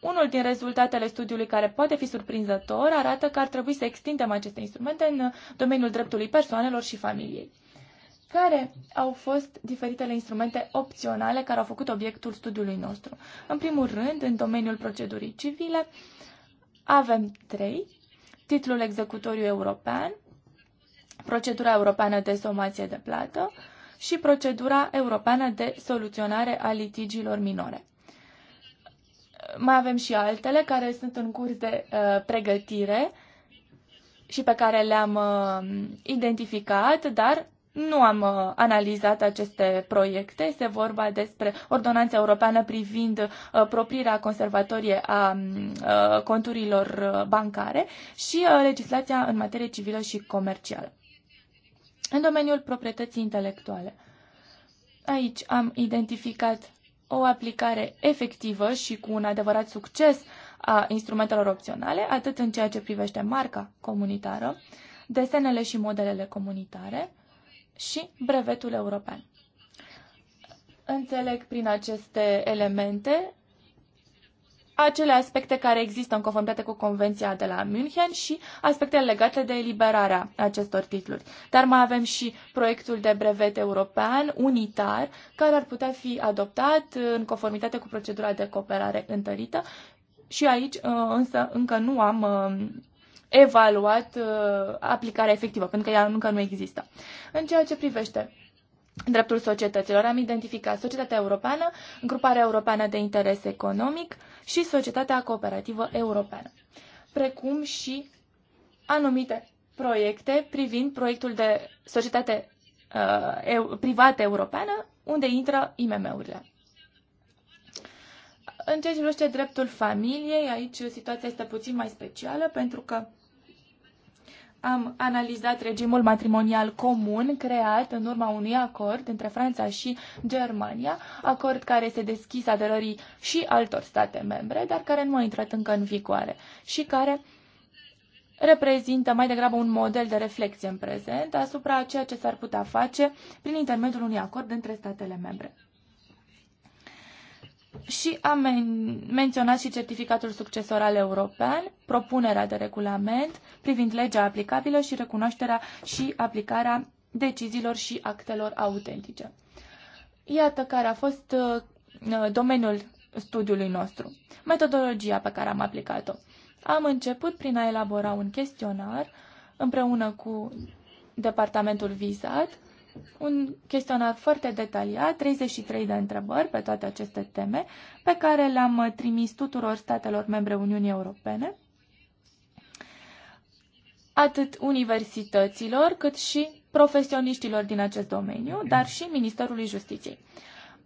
C: unul din rezultatele studiului care poate fi surprinzător arată că ar trebui să extindem aceste instrumente în domeniul dreptului persoanelor și familiei. Care au fost diferitele instrumente opționale care au făcut obiectul studiului nostru? În primul rând, în domeniul procedurii civile, avem trei titlul executoriu european, procedura europeană de somație de plată și procedura europeană de soluționare a litigiilor minore. Mai avem și altele care sunt în curs de uh, pregătire și pe care le-am uh, identificat, dar nu am uh, analizat aceste proiecte. Este vorba despre Ordonanța Europeană privind uh, proprirea conservatorie a mm, uh, conturilor uh, bancare și uh, legislația în materie civilă și comercială. În domeniul proprietății intelectuale. Aici am identificat o aplicare efectivă și cu un adevărat succes a instrumentelor opționale, atât în ceea ce privește marca comunitară, desenele și modelele comunitare, și brevetul european. Înțeleg prin aceste elemente acele aspecte care există în conformitate cu Convenția de la München și aspectele legate de eliberarea acestor titluri. Dar mai avem și proiectul de brevet european unitar, care ar putea fi adoptat în conformitate cu procedura de cooperare întărită. Și aici uh, însă încă nu am uh, evaluat uh, aplicarea efectivă, pentru că ea încă nu există. În ceea ce privește dreptul societăților. Am identificat Societatea Europeană, Gruparea Europeană de Interes Economic și Societatea Cooperativă Europeană, precum și anumite proiecte privind proiectul de societate uh, privată europeană, unde intră IMM-urile. În ceea ce privește dreptul familiei, aici situația este puțin mai specială, pentru că am analizat regimul matrimonial comun creat în urma unui acord între Franța și Germania, acord care se deschis aderării și altor state membre, dar care nu a intrat încă în vigoare și care reprezintă mai degrabă un model de reflexie în prezent asupra ceea ce s-ar putea face prin intermediul unui acord între statele membre și am men- menționat și certificatul succesoral european, propunerea de regulament privind legea aplicabilă și recunoașterea și aplicarea deciziilor și actelor autentice. Iată care a fost uh, uh, domeniul studiului nostru, metodologia pe care am aplicat-o. Am început prin a elabora un chestionar împreună cu departamentul vizat un chestionar foarte detaliat, 33 de întrebări pe toate aceste teme, pe care le-am uh, trimis tuturor statelor membre Uniunii Europene, atât universităților, cât și profesioniștilor din acest domeniu, dar și Ministerului Justiției.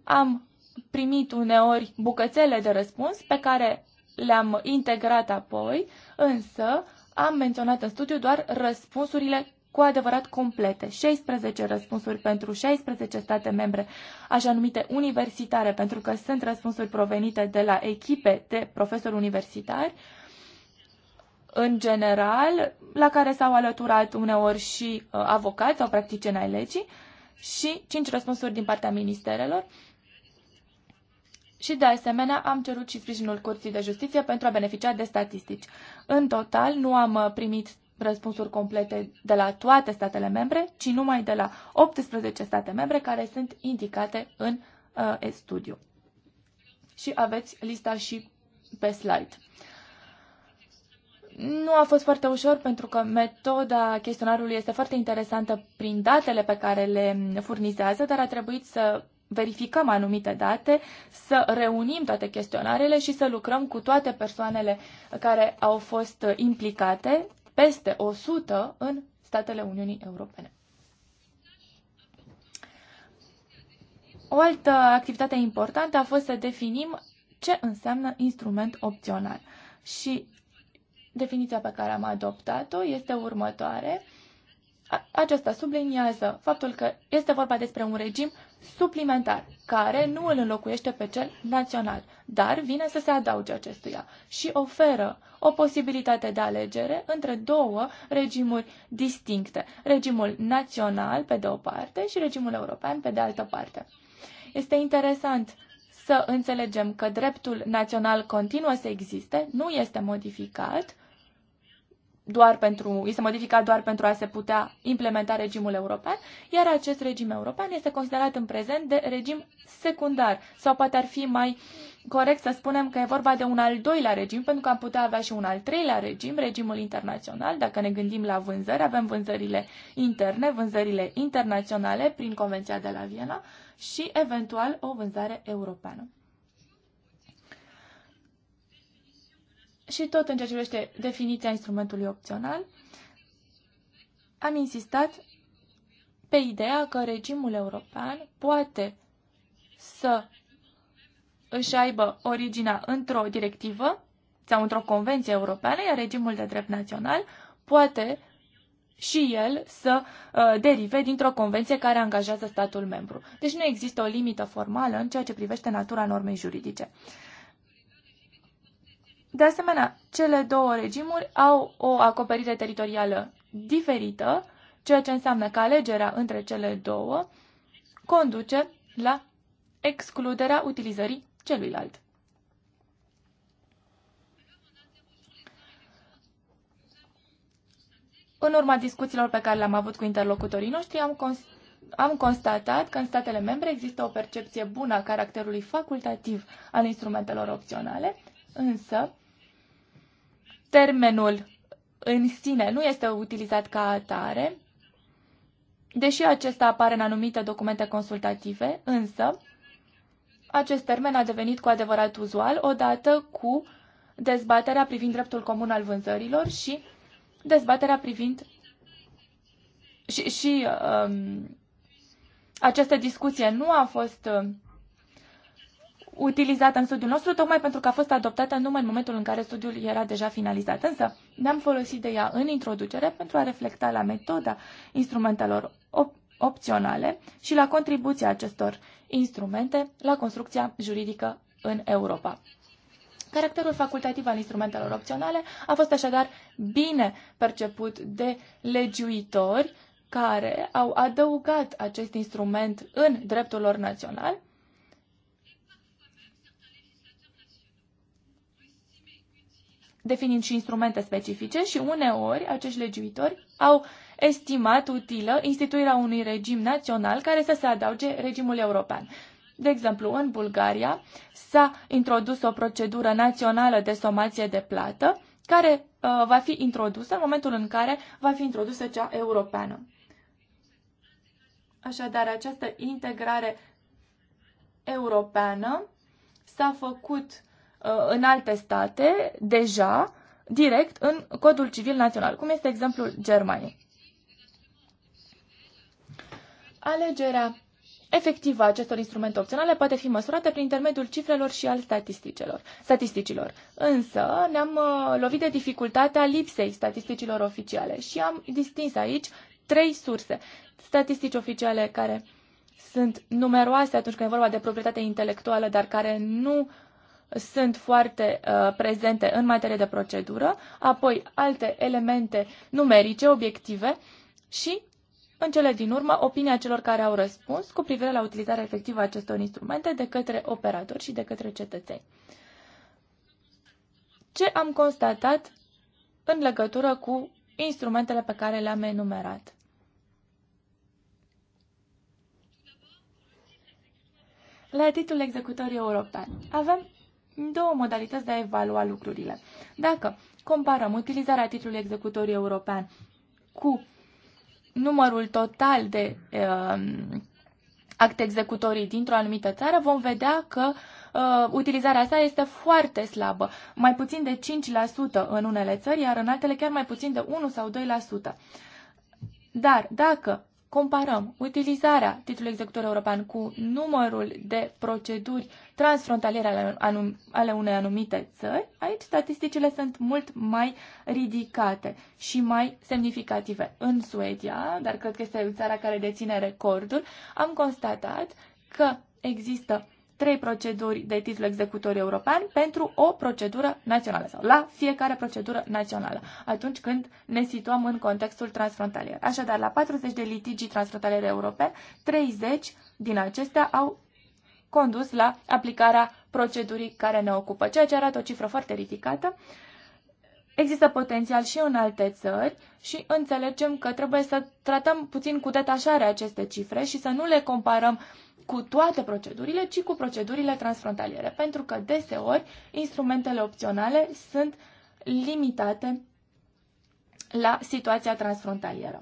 C: Am primit uneori bucățele de răspuns pe care le-am integrat apoi, însă am menționat în studiu doar răspunsurile cu adevărat complete. 16 răspunsuri pentru 16 state membre, așa numite universitare, pentru că sunt răspunsuri provenite de la echipe de profesori universitari, în general, la care s-au alăturat uneori și uh, avocați sau practicieni ai legii, și 5 răspunsuri din partea ministerelor. Și de asemenea am cerut și sprijinul Curții de Justiție pentru a beneficia de statistici. În total nu am uh, primit răspunsuri complete de la toate statele membre, ci numai de la 18 state membre care sunt indicate în uh, studiu. Și aveți lista și pe slide. Nu a fost foarte ușor pentru că metoda chestionarului este foarte interesantă prin datele pe care le furnizează, dar a trebuit să verificăm anumite date, să reunim toate chestionarele și să lucrăm cu toate persoanele care au fost implicate peste 100 în statele Uniunii Europene. O altă activitate importantă a fost să definim ce înseamnă instrument opțional. Și definiția pe care am adoptat-o este următoare. Aceasta subliniază faptul că este vorba despre un regim suplimentar, care nu îl înlocuiește pe cel național, dar vine să se adauge acestuia și oferă o posibilitate de alegere între două regimuri distincte, regimul național pe de o parte și regimul european pe de altă parte. Este interesant să înțelegem că dreptul național continuă să existe, nu este modificat, doar pentru, este modificat doar pentru a se putea implementa regimul european, iar acest regim european este considerat în prezent de regim secundar. Sau poate ar fi mai corect să spunem că e vorba de un al doilea regim, pentru că am putea avea și un al treilea regim, regimul internațional. Dacă ne gândim la vânzări, avem vânzările interne, vânzările internaționale prin Convenția de la Viena și eventual o vânzare europeană. Și tot în ceea ce privește definiția instrumentului opțional, am insistat pe ideea că regimul european poate să își aibă originea într-o directivă sau într-o convenție europeană, iar regimul de drept național poate și el să uh, derive dintr-o convenție care angajează statul membru. Deci nu există o limită formală în ceea ce privește natura normei juridice. Uh, de asemenea, cele două regimuri au o acoperire teritorială diferită, ceea ce înseamnă că alegerea între cele două conduce la excluderea utilizării celuilalt. În urma discuțiilor pe care le-am avut cu interlocutorii noștri, am, cons- am constatat că în statele membre există o percepție bună a caracterului facultativ al instrumentelor opționale, însă termenul în sine nu este utilizat ca atare, deși acesta apare în anumite documente consultative, însă acest termen a devenit cu adevărat uzual odată cu dezbaterea privind dreptul comun al vânzărilor și dezbaterea privind și, și um, această discuție nu a fost um, utilizată în studiul nostru, tocmai pentru că a fost adoptată numai în momentul în care studiul era deja finalizat. Însă ne-am folosit de ea în introducere pentru a reflecta la metoda instrumentelor op- opționale și la contribuția acestor instrumente la construcția juridică în Europa. Caracterul facultativ al instrumentelor opționale a fost așadar bine perceput de legiuitori care au adăugat acest instrument în dreptul lor național definind și instrumente specifice și uneori acești legiuitori au estimat utilă instituirea unui regim național care să se adauge regimului european. De exemplu, în Bulgaria s-a introdus o procedură națională de somație de plată care uh, va fi introdusă în momentul în care va fi introdusă cea europeană. Așadar, această integrare europeană s-a făcut Uh, în alte state deja direct în codul civil național, cum este exemplul Germaniei. Alegerea efectivă a acestor instrumente opționale poate fi măsurată prin intermediul cifrelor și al statisticilor, statisticilor. Însă ne-am uh, lovit de dificultatea lipsei statisticilor oficiale și am distins aici trei surse. Statistici oficiale care sunt numeroase atunci când e vorba de proprietate intelectuală, dar care nu uh, sunt foarte uh, prezente în materie de procedură, apoi alte elemente numerice, obiective și, în cele din urmă, opinia celor care au răspuns cu privire la utilizarea efectivă a acestor instrumente de către operatori și de către cetățeni. Ce am constatat în legătură cu instrumentele pe care le-am enumerat? La titlul executor european avem două modalități de a evalua lucrurile. Dacă comparăm utilizarea titlului executor european cu numărul total de uh, acte executorii dintr-o anumită țară, vom vedea că uh, utilizarea sa este foarte slabă, mai puțin de 5% în unele țări, iar în altele chiar mai puțin de 1 sau 2%. Dar dacă comparăm utilizarea titlului executor european cu numărul de proceduri transfrontaliere ale unei anumite țări, aici statisticile sunt mult mai ridicate și mai semnificative. În Suedia, dar cred că este țara care deține recordul, am constatat că există trei proceduri de titlu executor european pentru o procedură națională sau la fiecare procedură națională, atunci când ne situăm în contextul transfrontalier. Așadar, la 40 de litigii transfrontaliere europene, 30 din acestea au condus la aplicarea procedurii care ne ocupă, ceea ce arată o cifră foarte ridicată. Există potențial și în alte țări și înțelegem că trebuie să tratăm puțin cu detașare aceste cifre și să nu le comparăm uh, cu toate procedurile, ci cu procedurile transfrontaliere, pentru că deseori instrumentele opționale sunt limitate la situația transfrontalieră.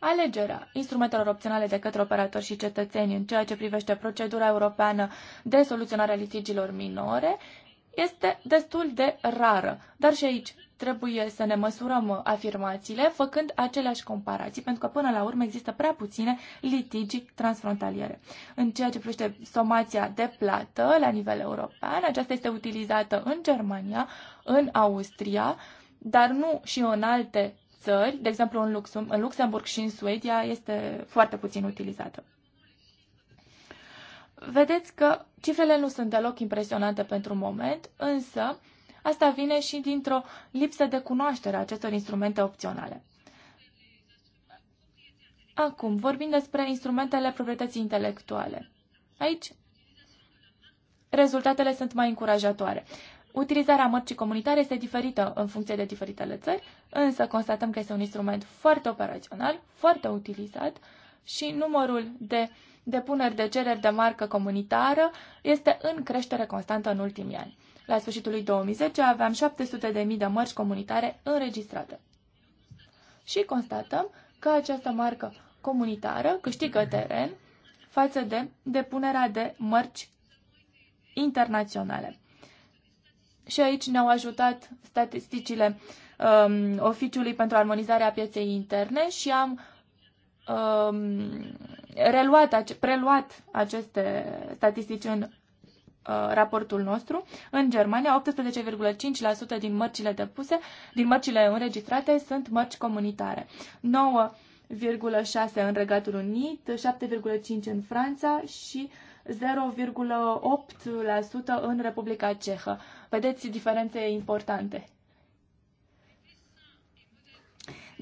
C: Alegerea instrumentelor opționale de către operatori și cetățeni în ceea ce privește procedura europeană de soluționare a litigiilor minore este destul de rară, dar și aici trebuie să ne măsurăm afirmațiile făcând aceleași comparații, pentru că până la urmă există prea puține litigi transfrontaliere. În ceea ce privește somația de plată la nivel european, aceasta este utilizată în Germania, în Austria, dar nu și în alte țări, de exemplu în, Luxem- în Luxemburg și în Suedia, este foarte puțin utilizată. Vedeți că cifrele nu sunt deloc impresionante pentru moment, însă Asta vine și dintr-o lipsă de cunoaștere a acestor instrumente opționale. Acum, vorbim despre instrumentele proprietății intelectuale. Aici, rezultatele sunt mai încurajatoare. Utilizarea mărcii comunitare este diferită în funcție de diferitele țări, însă constatăm că este un instrument foarte operațional, foarte utilizat și numărul de depuneri de cereri de marcă comunitară este în creștere constantă în ultimii ani. La sfârșitul lui 2010 aveam 700.000 de mărci comunitare înregistrate. Și constatăm că această marcă comunitară câștigă teren față de depunerea de mărci internaționale. Și aici ne-au ajutat statisticile um, Oficiului pentru Armonizarea Pieței Interne și am um, reluat, preluat aceste statistici în Uh, raportul nostru, în Germania 18,5% din mărcile depuse, din mărcile înregistrate sunt mărci comunitare. 9,6 în Regatul Unit, 7,5 în Franța și 0,8% în Republica Cehă. Vedeți diferențe importante.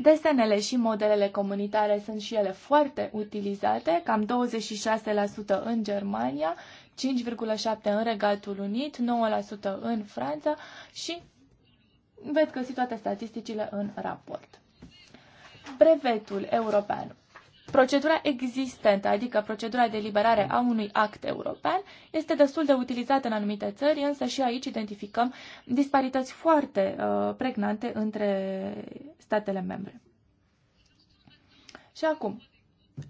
C: Desenele și modelele comunitare sunt și ele foarte utilizate, cam 26% în Germania 5,7% în Regatul Unit, 9% în Franța și veți găsi toate statisticile în raport. Brevetul european. Procedura existentă, adică procedura de liberare a unui act european, este destul de utilizată în anumite țări, însă și aici identificăm disparități foarte uh, pregnante între statele membre. Și acum,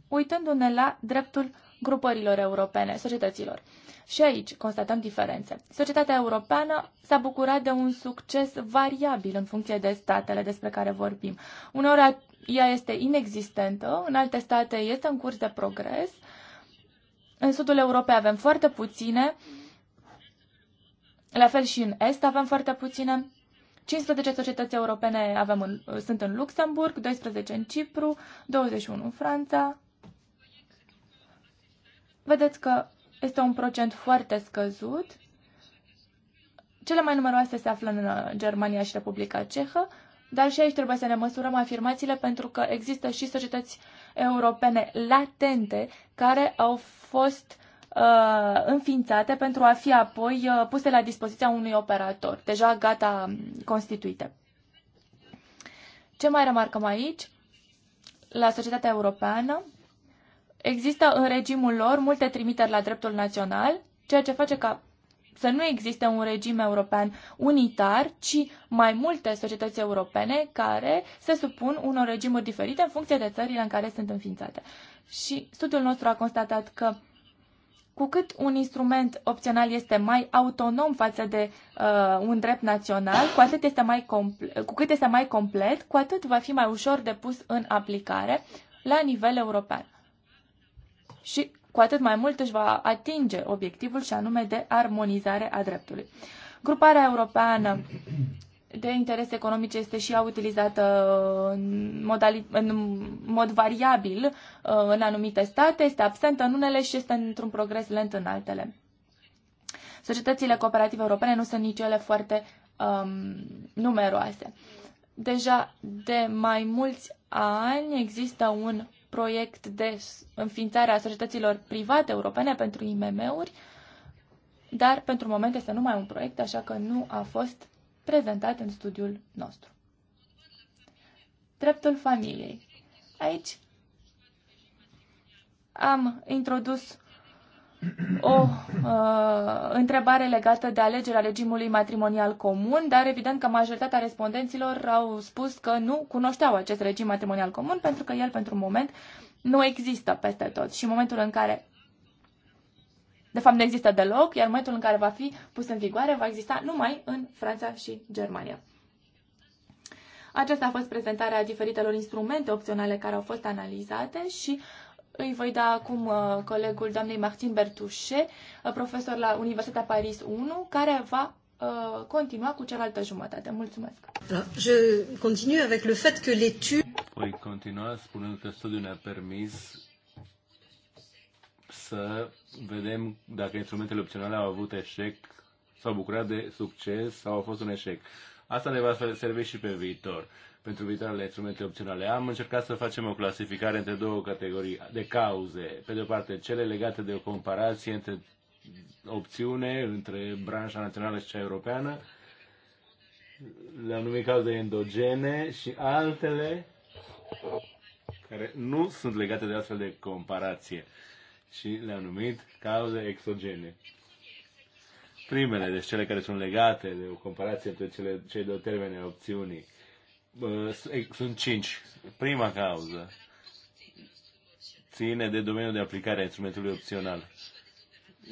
C: uitându-ne la dreptul grupărilor europene, societăților. Și aici constatăm diferențe. Societatea europeană s-a bucurat de un succes variabil în funcție de statele despre care vorbim. Uneori ea este inexistentă, în alte state este în curs de progres. În sudul Europei avem foarte puține, la fel și în est avem foarte puține. 15 societăți europene avem în, sunt în Luxemburg, 12 în Cipru, 21 în Franța, Vedeți că este un procent foarte scăzut. Cele mai numeroase se află în uh, Germania și Republica Cehă, dar și aici trebuie să ne măsurăm afirmațiile pentru că există și societăți europene latente care au fost uh, înființate pentru a fi apoi uh, puse la dispoziția unui operator, deja gata um, constituite. Ce mai remarcăm aici? La societatea europeană există în regimul lor multe trimiteri la dreptul național, ceea ce face ca să nu existe un regim european unitar, ci mai multe societăți europene care se supun unor regimuri diferite în funcție de țările în care sunt înființate. Și studiul nostru a constatat că cu cât un instrument opțional este mai autonom față de uh, un drept național, cu, atât este mai cu cât este mai complet, cu atât va fi mai ușor de pus în aplicare la nivel european și cu atât mai mult își va atinge obiectivul și anume de armonizare a dreptului. Gruparea europeană de interese economice este și ea utilizată în, modali- în mod variabil uh, în anumite state, este absentă în unele și este într-un progres lent în altele. Societățile cooperative europene nu sunt nici ele foarte um, numeroase. Deja de mai mulți ani există un proiect de înființare a societăților private europene pentru IMM-uri, dar pentru moment este numai un proiect, așa că nu a fost prezentat în studiul nostru. Dreptul familiei. Aici am introdus o uh, întrebare legată de alegerea regimului matrimonial comun, dar evident că majoritatea respondenților au spus că nu cunoșteau acest regim matrimonial comun pentru că el pentru un moment nu există peste tot. Și în momentul în care de fapt, nu există deloc, iar în momentul în care va fi pus în vigoare, va exista numai în Franța și Germania. Aceasta a fost prezentarea diferitelor instrumente opționale care au fost analizate și îi voi da acum uh, colegul doamnei Martin Bertușe, uh, profesor la Universitatea Paris 1, care va uh, continua cu cealaltă jumătate. Mulțumesc. Da, je continue avec le fait que l'étude
A: Voi continua spunând că studiul ne-a permis să vedem dacă instrumentele opționale au avut eșec, s-au bucurat de succes sau au fost un eșec. Asta ne va servi și pe viitor pentru viitoarele instrumente opționale. Am încercat să facem o clasificare între două categorii de cauze. Pe de o parte, cele legate de o comparație între opțiune, între branșa națională și cea europeană, le-am numit cauze endogene și altele care nu sunt legate de astfel de comparație și le-am numit cauze exogene. Primele, deci cele care sunt legate de o comparație între cele, cei două termene opțiunii sunt cinci. Prima cauză ține de domeniul de aplicare a instrumentului opțional.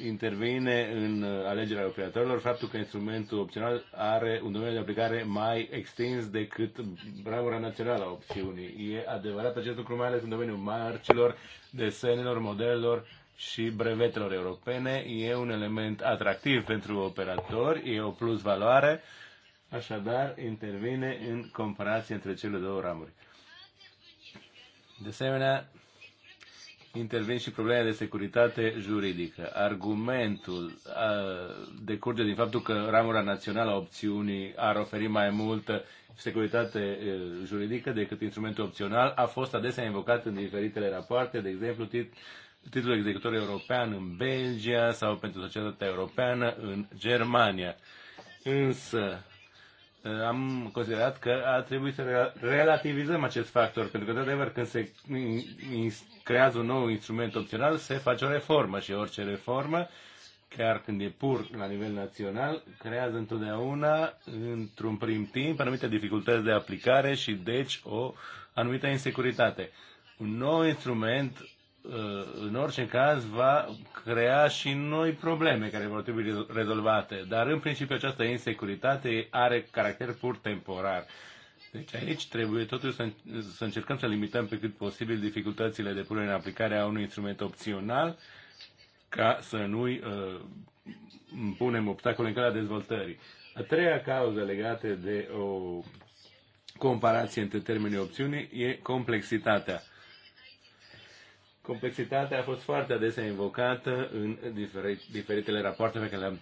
A: Intervine în uh, alegerea operatorilor faptul că instrumentul opțional are un domeniu de aplicare mai extins decât bravura națională a opțiunii. E adevărat acest lucru, mai ales în domeniul marcilor, desenelor, modelelor și brevetelor europene. E un element atractiv pentru operatori, e o plus valoare Așadar, intervine în comparație între cele două ramuri. De asemenea, intervin și problema de securitate juridică. Argumentul decurge din faptul că ramura națională a opțiunii ar oferi mai multă securitate juridică decât instrumentul opțional a fost adesea invocat în diferitele rapoarte, de exemplu tit titlul executor european în Belgia sau pentru societatea europeană în Germania. Însă, Eh, am considerat că a trebuit să relativizăm acest factor, pentru că, de adevăr, când se creează un nou instrument opțional, se face o reformă și orice reformă, chiar când e pur la nivel național, creează întotdeauna, într-un prim timp, anumite dificultăți de aplicare și, deci, o anumită insecuritate. Un nou instrument Uh, în orice caz va crea și noi probleme care vor trebui rezolvate. Dar în principiu această insecuritate are caracter pur temporar. Deci aici trebuie totuși să, să încercăm să limităm pe cât posibil dificultățile de punere în aplicare a unui instrument opțional ca să nu-i uh, punem obstacole în calea dezvoltării. A treia cauză legată de o comparație între termenii opțiunii e complexitatea. Complexitatea a fost foarte adesea invocată în diferitele rapoarte pe care le-am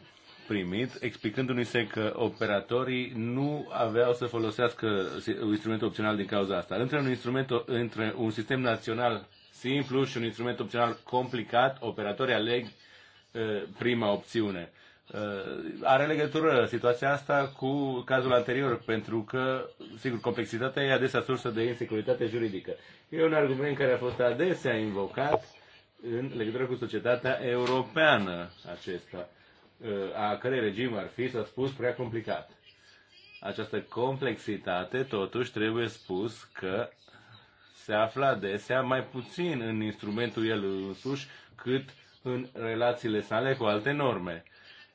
A: primit, explicându-ne se că operatorii nu aveau să folosească un instrument opțional din cauza asta. Între un, instrument, între un sistem național simplu și un instrument opțional complicat, operatorii aleg eh, prima opțiune. Uh, are legătură situația asta cu cazul anterior, pentru că, sigur, complexitatea e adesea sursă de insecuritate juridică. E un argument care a fost adesea invocat în legătură cu societatea europeană acesta, uh, a cărei regim ar fi, s-a spus, prea complicat. Această complexitate, totuși, trebuie spus că se află adesea mai puțin în instrumentul el însuși cât în relațiile sale cu alte norme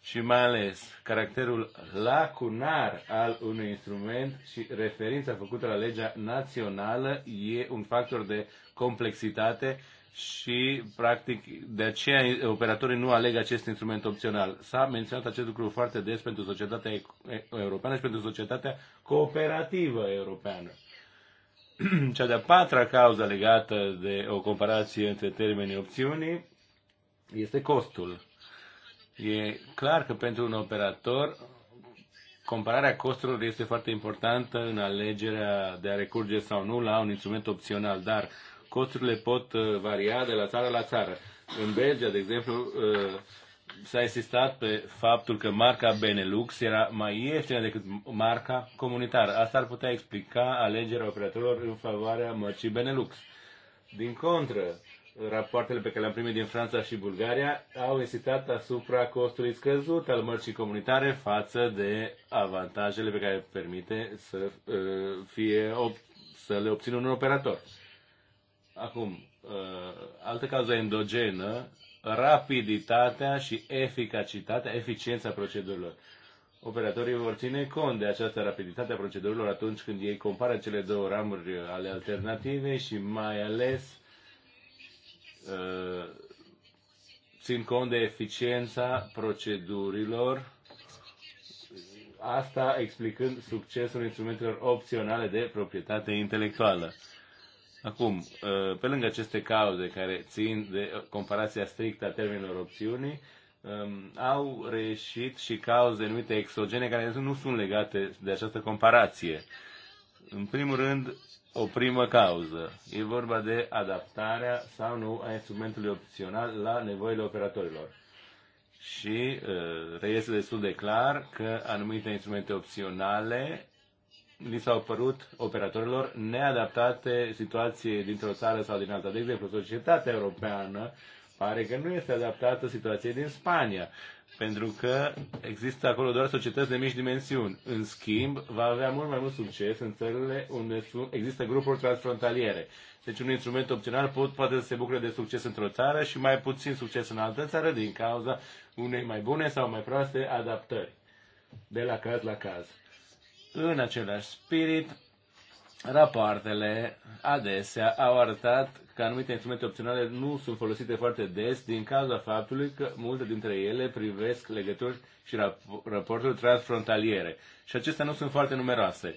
A: și mai ales caracterul lacunar al unui instrument și referința făcută la legea națională e un factor de complexitate și, practic, de aceea operatorii nu aleg acest instrument opțional. S-a menționat acest lucru foarte des pentru societatea europeană și pentru societatea cooperativă europeană. Cea de-a patra cauză legată de o comparație între termenii opțiunii este costul. E clar că pentru un operator compararea costurilor este foarte importantă în alegerea de a recurge sau nu la un instrument opțional, dar costurile pot uh, varia de la țară la țară. În Belgia, de exemplu, uh, s-a insistat pe faptul că marca Benelux era mai ieftină decât marca comunitară. Asta ar putea explica alegerea operatorilor în favoarea mărcii Benelux. Din contră, rapoartele pe care le-am primit din Franța și Bulgaria au insistat asupra costului scăzut al mărcii comunitare față de avantajele pe care permite să, uh, fie, să le obțină un operator. Acum, uh, altă cauză endogenă, rapiditatea și eficacitatea, eficiența procedurilor. Operatorii vor ține cont de această rapiditate a procedurilor atunci când ei compară cele două ramuri ale alternativei și mai ales Uh, țin cont de eficiența procedurilor, asta explicând succesul instrumentelor opționale de proprietate intelectuală. Acum, uh, pe lângă aceste cauze care țin de comparația strictă a termenilor opțiunii, um, au reieșit și cauze numite exogene care nu sunt legate de această comparație. În primul rând, o primă cauză. E vorba de adaptarea sau nu a instrumentului opțional la nevoile operatorilor. Și uh, reiese destul de clar că anumite instrumente opționale li s-au părut operatorilor neadaptate situației dintr-o țară sau din alta. De exemplu, societatea europeană pare că nu este adaptată situației din Spania pentru că există acolo doar societăți de mici dimensiuni. În schimb, va avea mult mai mult succes în țările unde există grupuri transfrontaliere. Deci un instrument opțional pot, poate să se bucure de succes într-o țară și mai puțin succes în altă țară din cauza unei mai bune sau mai proaste adaptări de la caz la caz. În același spirit, rapoartele adesea au arătat că anumite instrumente opționale nu sunt folosite foarte des din cauza faptului că multe dintre ele privesc legături și raporturi transfrontaliere și acestea nu sunt foarte numeroase.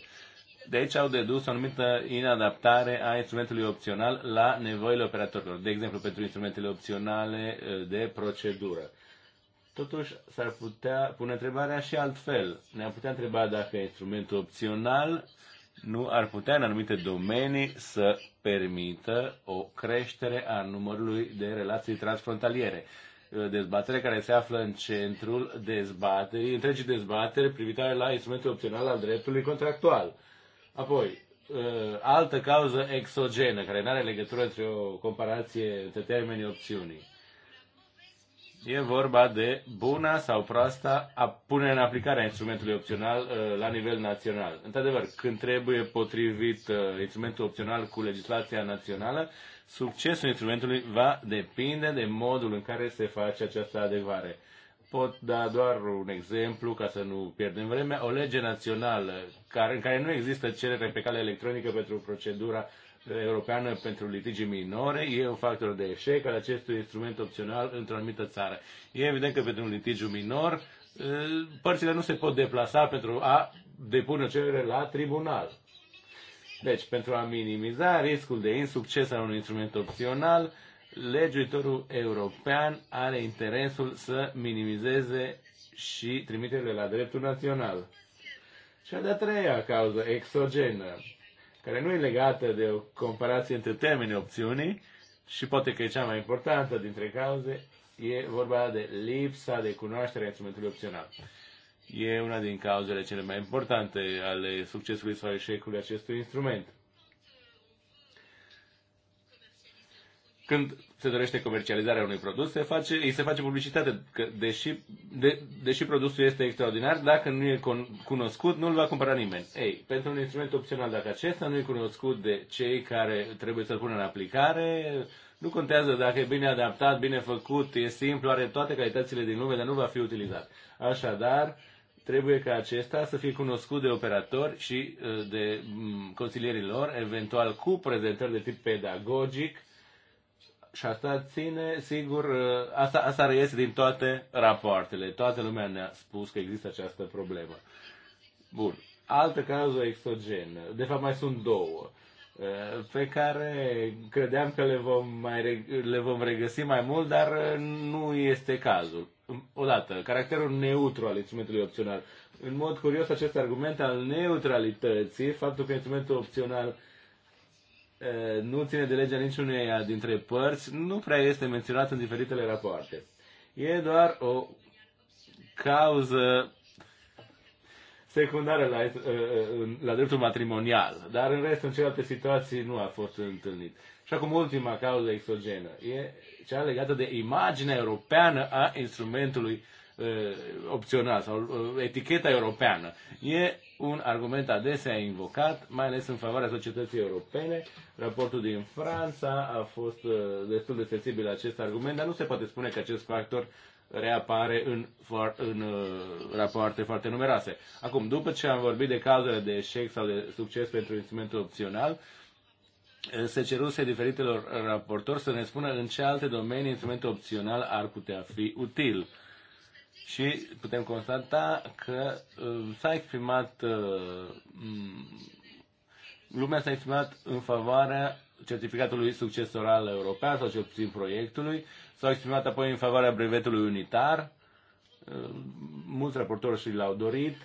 A: De aici au dedus o anumită inadaptare a instrumentului opțional la nevoile operatorilor, de exemplu pentru instrumentele opționale eh, de procedură. Totuși, s-ar putea pune întrebarea și altfel. Ne-am putea întreba dacă instrumentul opțional nu ar putea în anumite domenii să permită o creștere a numărului de relații transfrontaliere. Dezbatere care se află în centrul dezbaterii, întregii dezbateri privitoare la instrumentul opțional al dreptului contractual. Apoi, uh, altă cauză exogenă, care nu are legătură între o comparație între termenii opțiunii. E vorba de buna sau proasta a pune în aplicare a instrumentului opțional uh, la nivel național. Într-adevăr, când trebuie potrivit uh, instrumentul opțional cu legislația națională, succesul instrumentului va depinde de modul în care se face această adecvare. Pot da doar un exemplu, ca să nu pierdem vremea, o lege națională care, în care nu există cerere pe cale electronică pentru procedura uh, Europeană pentru Litigii Minore e un factor de eșec al acestui instrument opțional într-o anumită țară. E evident că pentru un litigiu minor părțile nu se pot deplasa pentru a depune cerere la tribunal. Deci, pentru a minimiza riscul de insucces al unui instrument opțional, legiuitorul european are interesul să minimizeze și trimiterile la dreptul național. Cea de-a treia cauză exogenă care nu e legată de o comparație între termeni opțiuni, și poate că e cea mai importantă dintre cauze, e vorba de lipsa de cunoaștere a instrumentului opțional. E una din cauzele cele mai importante ale succesului sau eșecului acestui instrument. Când se dorește comercializarea unui produs, se face, îi se face publicitate, că deși, de, deși produsul este extraordinar, dacă nu e con, cunoscut, nu-l va cumpăra nimeni. Ei, pentru un instrument opțional, dacă acesta nu e cunoscut de cei care trebuie să-l pună în aplicare, nu contează dacă e bine adaptat, bine făcut, e simplu, are toate calitățile din lume, dar nu va fi utilizat. Așadar, trebuie ca acesta să fie cunoscut de operatori și uh, de mm, consilierii lor, eventual cu prezentări de tip pedagogic, și asta ține, sigur, uh, asta, asta reiese din toate rapoartele. Toată lumea ne-a spus că există această problemă. Bun. Altă cauză exogenă. De fapt, mai sunt două uh, pe care credeam că le vom, mai, le vom regăsi mai mult, dar uh, nu este cazul. Odată, caracterul neutru al instrumentului opțional. În mod curios, acest argument al neutralității, faptul că instrumentul opțional uh, nu ține de legea niciunei dintre părți, nu prea este menționat în diferitele rapoarte. E doar o cauză secundară la, la dreptul matrimonial, dar în rest, în celelalte situații, nu a fost întâlnit. Și acum ultima cauză exogenă e cea legată de imaginea europeană a instrumentului opțional sau eticheta europeană. E un argument adesea invocat, mai ales în favoarea societății europene. Raportul din Franța a fost uh, destul de sensibil acest argument, dar nu se poate spune că acest factor reapare în, în uh, rapoarte foarte numeroase. Acum, după ce am vorbit de cauzele de eșec sau de succes pentru instrumentul opțional, uh, se ceruse diferitelor raportori să ne spună în ce alte domenii instrumentul opțional ar putea fi util și putem constata că uh, s-a exprimat, uh, lumea s-a exprimat în favoarea certificatului succesoral european sau cel puțin proiectului, s-au exprimat apoi în favoarea brevetului unitar, uh, mulți raportori și l-au dorit,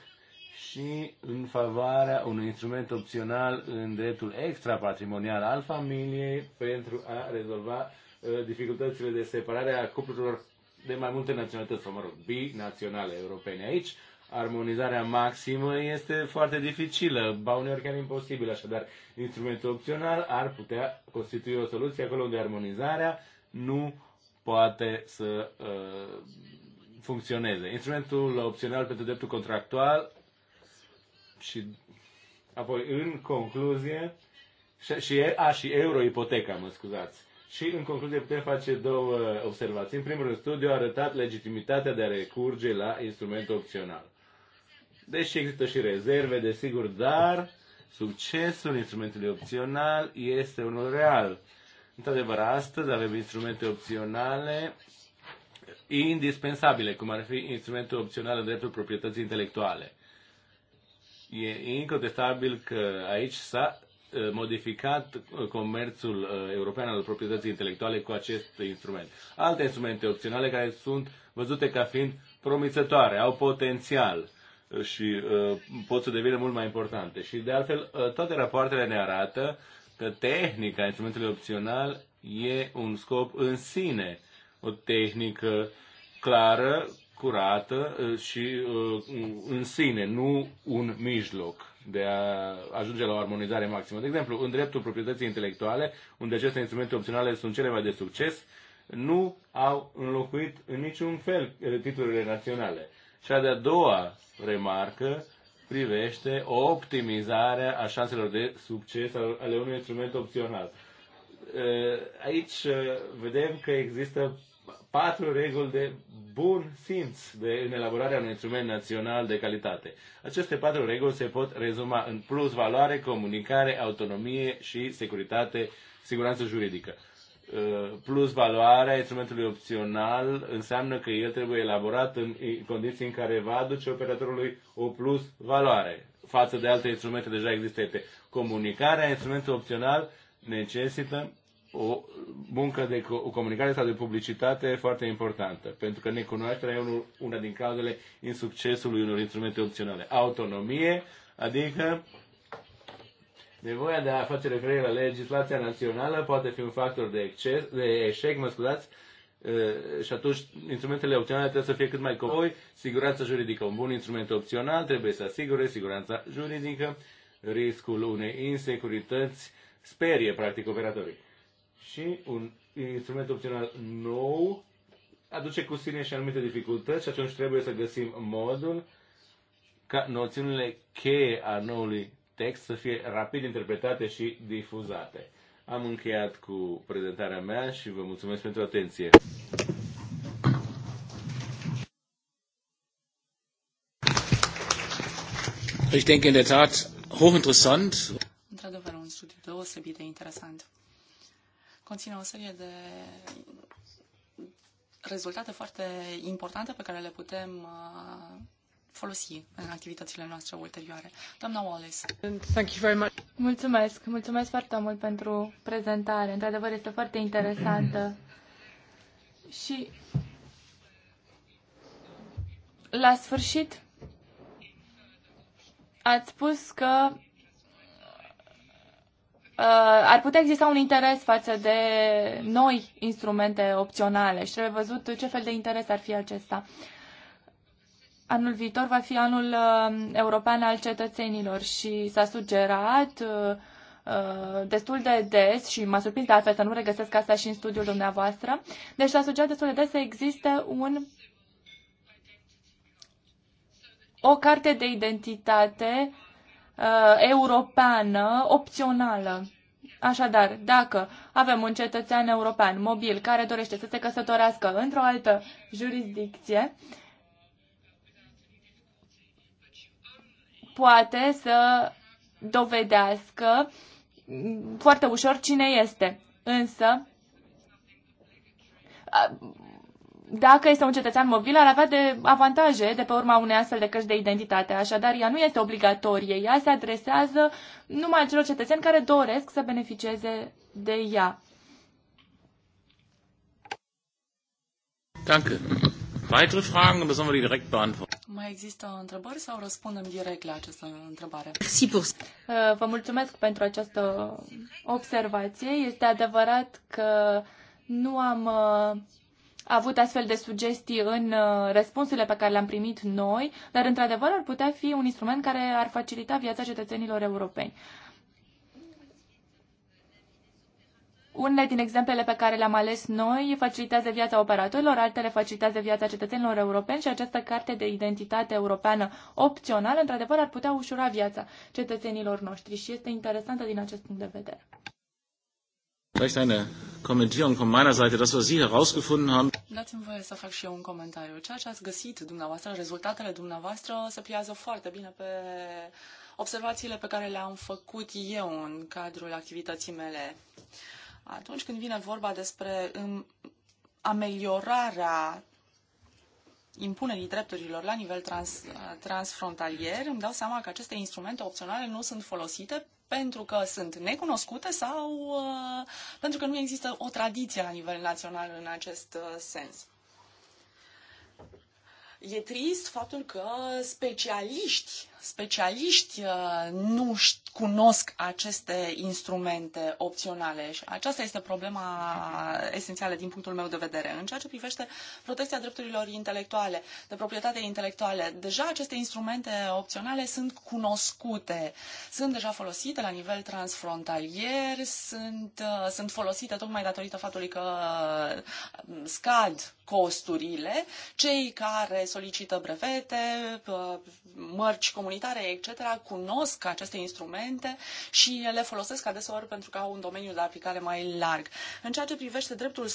A: și în favoarea unui instrument opțional în dreptul extrapatrimonial al familiei pentru a rezolva uh, dificultățile de separare a cuplurilor de mai multe naționalități, sau mă rog, binaționale europene aici, armonizarea maximă este foarte dificilă, ba uneori chiar imposibilă, așadar instrumentul opțional ar putea constitui o soluție acolo unde armonizarea nu poate să uh, funcționeze. Instrumentul opțional pentru dreptul contractual și apoi în concluzie și, și, a, și euroipoteca, mă scuzați. Și, în concluzie, putem face două observații. În primul rând, studiul a arătat legitimitatea de a recurge la instrumentul opțional. Deși există și rezerve, desigur, dar succesul instrumentului opțional este unul real. Într-adevăr, astăzi avem instrumente opționale indispensabile, cum ar fi instrumentul opțional în dreptul proprietății intelectuale. E incontestabil că aici s-a Eh, modificat eh, comerțul eh, european al proprietății intelectuale cu acest instrument. Alte instrumente opționale care sunt văzute ca fiind promițătoare, au potențial și pot să devină mult mai importante. Și de altfel, toate rapoartele ne arată că tehnica instrumentului opțional e un scop în sine, o tehnică clară, curată și în sine, nu un mijloc de a ajunge la o armonizare maximă. De exemplu, în dreptul proprietății intelectuale, unde aceste instrumente opționale sunt cele mai de succes, nu au înlocuit în niciun fel titlurile naționale. Cea de-a doua remarcă privește optimizarea a șanselor de succes ale unui instrument opțional. Eh, aici eh, vedem că există patru reguli de bun simț de, în elaborarea unui instrument național de calitate. Aceste patru reguli se pot rezuma în plus valoare, comunicare, autonomie și securitate, siguranță juridică. Uh, plus valoarea instrumentului opțional înseamnă că el trebuie elaborat în condiții în care va aduce operatorului o plus valoare față de alte instrumente deja existente. Comunicarea, instrumentul opțional, necesită o muncă de o comunicare sau de publicitate foarte importantă, pentru că necunoașterea e unul, una din cauzele insuccesului unor instrumente opționale. Autonomie, adică nevoia de a face referire la legislația națională poate fi un factor de, exces, de eșec, mă scuzați, și atunci instrumentele opționale trebuie să fie cât mai comoi, siguranța juridică un bun instrument opțional, trebuie să asigure siguranța juridică, riscul unei insecurități sperie practic operatorii și un instrument opțional nou aduce cu sine și anumite dificultăți și atunci trebuie să găsim modul ca noțiunile cheie a noului text să fie rapid interpretate și difuzate. Am încheiat cu prezentarea mea și vă mulțumesc pentru atenție. Ich denke in der Tat hochinteressant.
B: Într-adevăr, un studiu deosebit de interesant conține o serie de rezultate foarte importante pe care le putem uh, folosi în activitățile noastre ulterioare. Doamna Wallace. Thank you very much.
C: Mulțumesc, mulțumesc foarte mult pentru prezentare. Într-adevăr, este foarte interesantă. Și la sfârșit ați spus că Uh, ar putea exista un interes față de noi instrumente opționale și trebuie văzut ce fel de interes ar fi acesta. Anul viitor va fi anul uh, european al cetățenilor și s-a sugerat uh, destul de des și m-a surprins de altfel să nu regăsesc asta și în studiul dumneavoastră. Deci s-a sugerat destul de des să existe un o carte de identitate uh, europeană opțională. Așadar, dacă avem un cetățean european mobil care dorește să se căsătorească într-o altă jurisdicție, poate să dovedească foarte ușor cine este. Însă, dacă este un cetățean mobil, ar avea de avantaje de pe urma unei astfel de căști de identitate. Așadar, ea nu este obligatorie, ea se adresează numai celor cetățeni care doresc să beneficieze de ea.
A: Danke. Weitere Fragen oder sollen wir die direkt beantworten?
C: Mai
B: există întrebări sau răspundem direct la această întrebare?
C: Uh, vă mulțumesc pentru această observație. Este adevărat că nu am uh, a avut astfel de sugestii în uh, răspunsurile pe care le-am primit noi, dar într-adevăr ar putea fi un instrument care ar facilita viața cetățenilor europeni. Unele din exemplele pe care le-am ales noi facilitează viața operatorilor, altele facilitează viața cetățenilor europeni și această carte de identitate europeană opțională, într-adevăr, ar putea ușura viața cetățenilor noștri și este interesantă din acest punct de vedere.
A: Vielleicht eine Kommentierung von meiner Seite, das, was Sie herausgefunden haben.
B: Dați-mi voie să fac și eu un comentariu. Ceea ce ați găsit dumneavoastră, rezultatele dumneavoastră, se pliază foarte bine pe observațiile pe care le-am făcut eu în cadrul activității mele. Atunci când vine vorba despre ameliorarea impunerii drepturilor la nivel trans, transfrontalier, îmi dau seama că aceste instrumente opționale nu sunt folosite pentru că sunt necunoscute sau uh, pentru că nu există o tradiție la nivel național în acest uh, sens. E trist faptul că specialiști, specialiști uh, nu cunosc aceste instrumente opționale și aceasta este problema esențială din punctul meu de vedere. În ceea ce privește protecția drepturilor intelectuale, de proprietate intelectuale, deja aceste instrumente opționale sunt cunoscute, sunt deja folosite la nivel transfrontalier, sunt, uh, sunt folosite tocmai datorită faptului că uh, scad costurile. Cei care solicită brevete, mărci comunitare, etc., cunosc aceste instrumente și le folosesc adeseori pentru că au un domeniu de aplicare mai larg. În ceea ce privește dreptul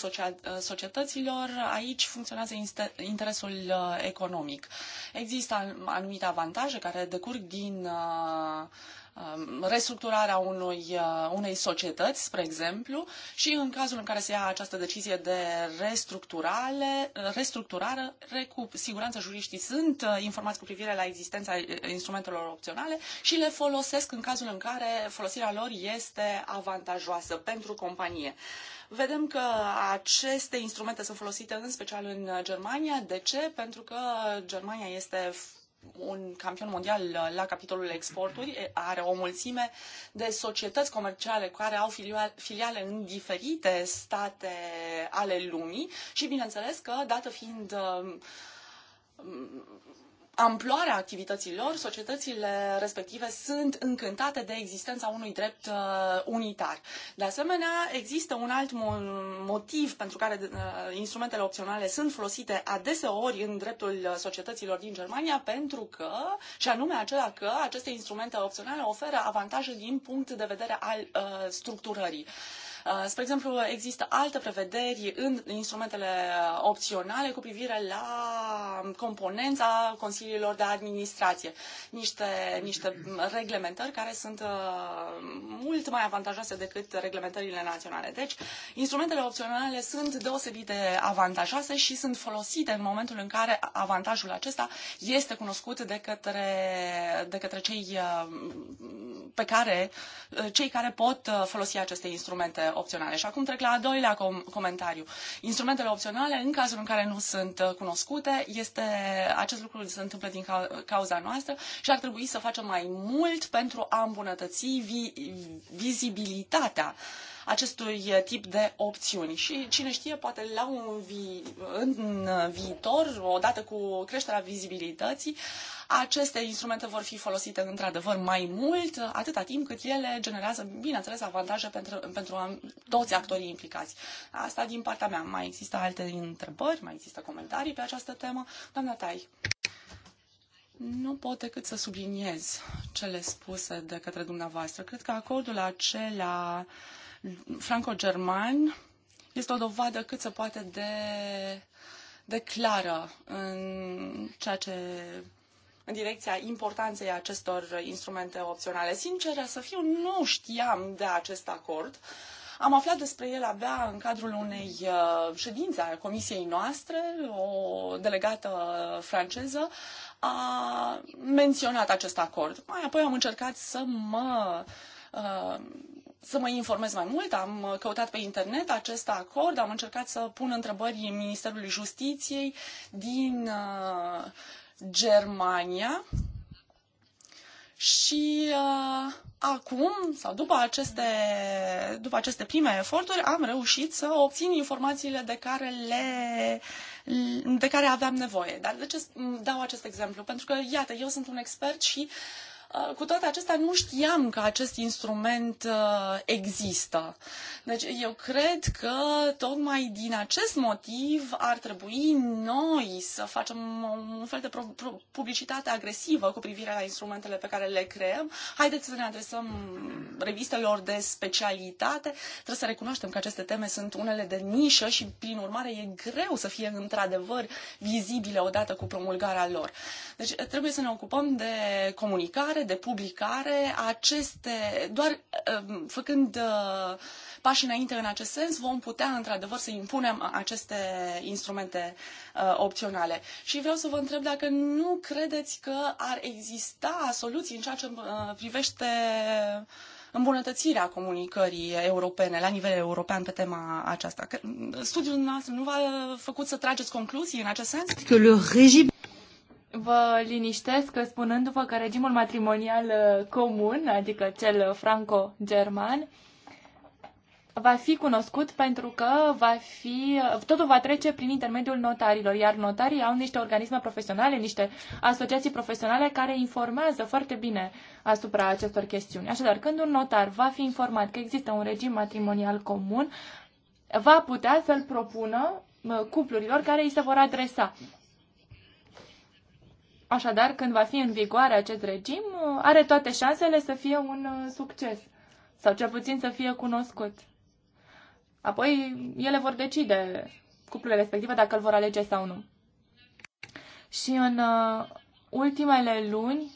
B: societăților, aici funcționează interesul uh, economic. Există anumite avantaje care decurg din uh, Um, restructurarea unui, uh, unei societăți, spre exemplu, și în cazul în care se ia această decizie de restructurare, restructurare cu siguranță juriștii sunt uh, informați cu privire la existența uh, instrumentelor opționale și le folosesc în cazul în care folosirea lor este avantajoasă pentru companie. Vedem că aceste instrumente sunt folosite în special în Germania. De ce? Pentru că Germania este un campion mondial uh, la capitolul exporturi, are o mulțime de societăți comerciale care au filiale în diferite state ale lumii și bineînțeles că, dată fiind uh, amploarea activităților, societățile respective sunt încântate de existența unui drept uh, unitar. De asemenea, există un alt motiv pentru care uh, instrumentele opționale sunt folosite adeseori în dreptul uh, societăților din Germania, pentru că, și anume acela că aceste instrumente opționale oferă avantaje din punct de vedere al structurării. Uh, spre exemplu, există alte prevederi în instrumentele opționale cu privire la componența consiliilor de administrație. Niște, niște reglementări care sunt uh, mult mai avantajoase decât reglementările naționale. Deci, instrumentele opționale sunt deosebit de avantajoase și sunt folosite în momentul în care avantajul acesta este cunoscut de către, de către cei uh, pe care, cei care pot folosi aceste instrumente opționale. Și acum trec la a doilea com- comentariu. Instrumentele opționale, în cazul în care nu sunt uh, cunoscute, este, acest lucru se întâmplă din cau- cauza noastră și ar trebui să facem mai mult pentru a îmbunătăți vi- vizibilitatea acestui tip de opțiuni. Și cine știe, poate la un vi- în viitor, odată cu creșterea vizibilității, aceste instrumente vor fi folosite într-adevăr mai mult, atâta timp cât ele generează, bineînțeles, avantaje pentru, pentru toți actorii implicați. Asta din partea mea. Mai există alte întrebări, mai există comentarii pe această temă. Doamna Tai. Nu pot decât să subliniez cele spuse de către dumneavoastră. Cred că acordul acela franco-german este o dovadă cât se poate de, de clară în ceea ce în direcția importanței acestor instrumente opționale. Sincer să fiu, nu știam de acest acord. Am aflat despre el abia în cadrul unei uh, ședințe a comisiei noastre, o delegată franceză a menționat acest acord. Mai apoi am încercat să mă uh, să mă informez mai mult, am căutat pe internet acest acord, am încercat să pun întrebări Ministerului Justiției din uh, Germania și uh, acum, sau după aceste, după aceste prime eforturi, am reușit să obțin informațiile de care, le, de care aveam nevoie. Dar de ce dau acest exemplu? Pentru că, iată, eu sunt un expert și uh, Uh, cu toate acestea nu știam că acest instrument uh, există. Deci eu cred că tocmai din acest motiv ar trebui noi să facem un fel de publicitate agresivă cu privire la instrumentele pe care le creăm. Haideți să ne adresăm revistelor de specialitate. Trebuie să recunoaștem că aceste teme sunt unele de nișă și prin urmare e greu să fie într-adevăr vizibile odată cu promulgarea lor. Deci trebuie să ne ocupăm de comunicare, propunere de publicare, aceste, doar um, făcând uh, pași înainte în acest sens, vom putea într-adevăr să impunem aceste instrumente uh, opționale. Și vreau să vă întreb dacă nu credeți că ar exista soluții în ceea ce uh, privește îmbunătățirea comunicării europene la nivel european pe tema aceasta. Studiul nostru nu
C: v-a făcut să trageți concluzii în acest sens? Că le regim vă liniștesc spunându-vă că regimul matrimonial uh, comun, adică cel franco-german, va fi cunoscut pentru că va fi, totul va trece prin intermediul notarilor, iar notarii au niște organisme profesionale, niște asociații profesionale care informează foarte bine asupra acestor chestiuni. Așadar, când un notar va fi informat că există un regim matrimonial comun, va putea să-l propună uh, cuplurilor care îi se vor adresa. Așadar, când va fi în vigoare acest regim, are toate șansele să fie un uh, succes sau cel puțin să fie cunoscut. Apoi, ele vor decide cuplurile respective dacă îl vor alege sau nu. Și în uh, ultimele luni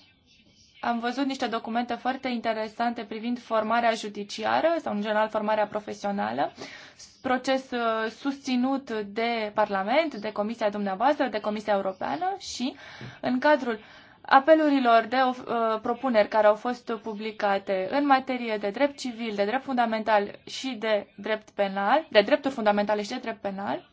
C: am văzut niște documente foarte interesante privind formarea judiciară sau, în general, formarea profesională, proces uh, susținut de Parlament, de Comisia dumneavoastră, de Comisia Europeană și, în cadrul apelurilor de uh, propuneri care au fost publicate în materie de drept civil, de drept fundamental și de drept penal, de drepturi fundamentale și de drept penal,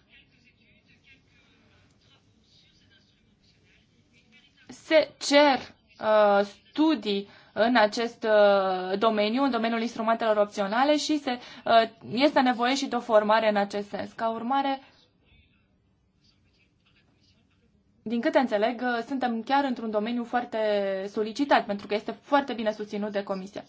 C: se cer Uh, studii în acest uh, domeniu, în domeniul instrumentelor opționale și se, uh, este nevoie și de o formare în acest sens. Ca urmare, din câte înțeleg, uh, suntem chiar într-un domeniu foarte solicitat, pentru că este foarte bine susținut de Comisie.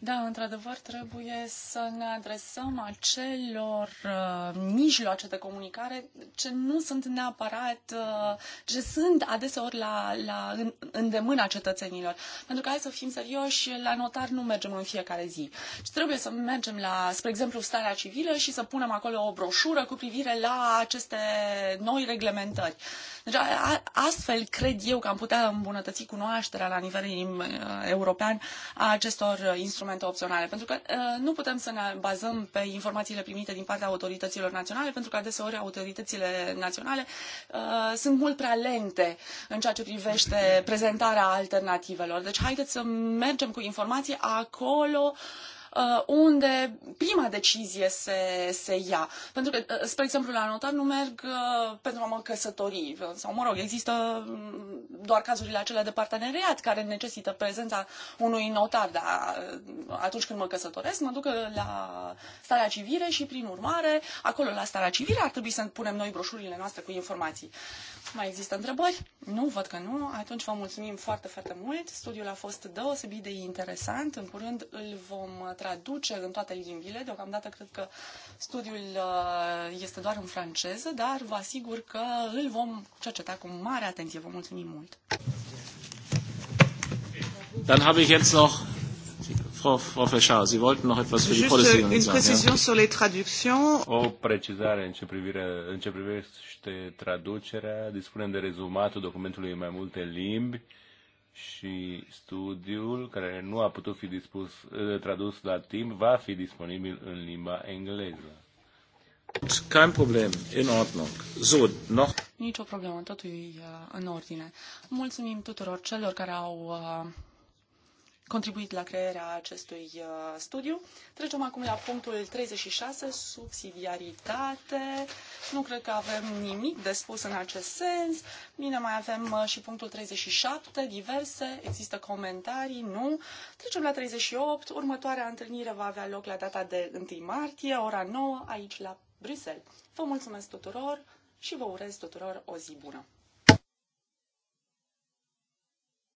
C: Da,
B: într-adevăr, trebuie să ne adresăm acelor uh, mijloace de comunicare ce nu sunt neapărat, uh, ce sunt adeseori la, la în, îndemâna cetățenilor. Pentru că, hai să fim serioși, la notar nu mergem în fiecare zi. Ci trebuie să mergem la, spre exemplu, starea civilă și să punem acolo o broșură cu privire la aceste noi reglementări. Deci a, astfel cred eu că am putea îmbunătăți cunoașterea la nivel uh, european a acestor uh, instrumente opționale, pentru că uh, nu putem să ne bazăm pe informațiile primite din partea autorităților naționale, pentru că adeseori autoritățile naționale sunt mult prea lente în ceea ce privește prezentarea alternativelor. Deci haideți să mergem cu informații acolo Uh, unde prima decizie se, se ia. Pentru că, uh, spre exemplu, la notar nu merg uh, pentru a mă căsători sau, mă rog, există mm, doar cazurile acelea de parteneriat care necesită prezența unui notar, dar atunci când mă căsătoresc mă duc la starea civile și, prin urmare, acolo la starea civile ar trebui să punem noi broșurile noastre cu informații. Mai există întrebări? Nu, văd că nu. Atunci vă mulțumim foarte, foarte mult. Studiul a fost deosebit de interesant. În curând îl vom traduceri în toate limbile. Deocamdată cred că studiul uh, este doar în franceză, dar vă asigur că îl vom cerceta cu mare atenție. Vă mulțumim mult!
A: Dann habe ich jetzt noch Frau, Frau Feschau, Sie wollten noch etwas für die ja? O precizare în ce, privire, în ce privește traducerea. Dispunem de rezumatul documentului în mai multe limbi și studiul, care nu a putut fi dispus, eh, tradus la timp, va fi disponibil în limba engleză. Kein Problem, in Ordnung. So, noch...
B: Nicio problemă, totul e eh, în ordine. Mulțumim tuturor celor care au eh, contribuit la crearea acestui uh, studiu. Trecem acum la punctul 36, subsidiaritate. Nu cred că avem nimic de spus în acest sens. Bine, mai avem uh, și punctul 37, diverse, există comentarii, nu. Trecem la 38, următoarea întâlnire va avea loc la data de 1 martie, ora 9, aici la Bruxelles. Vă mulțumesc tuturor și vă urez tuturor o zi bună.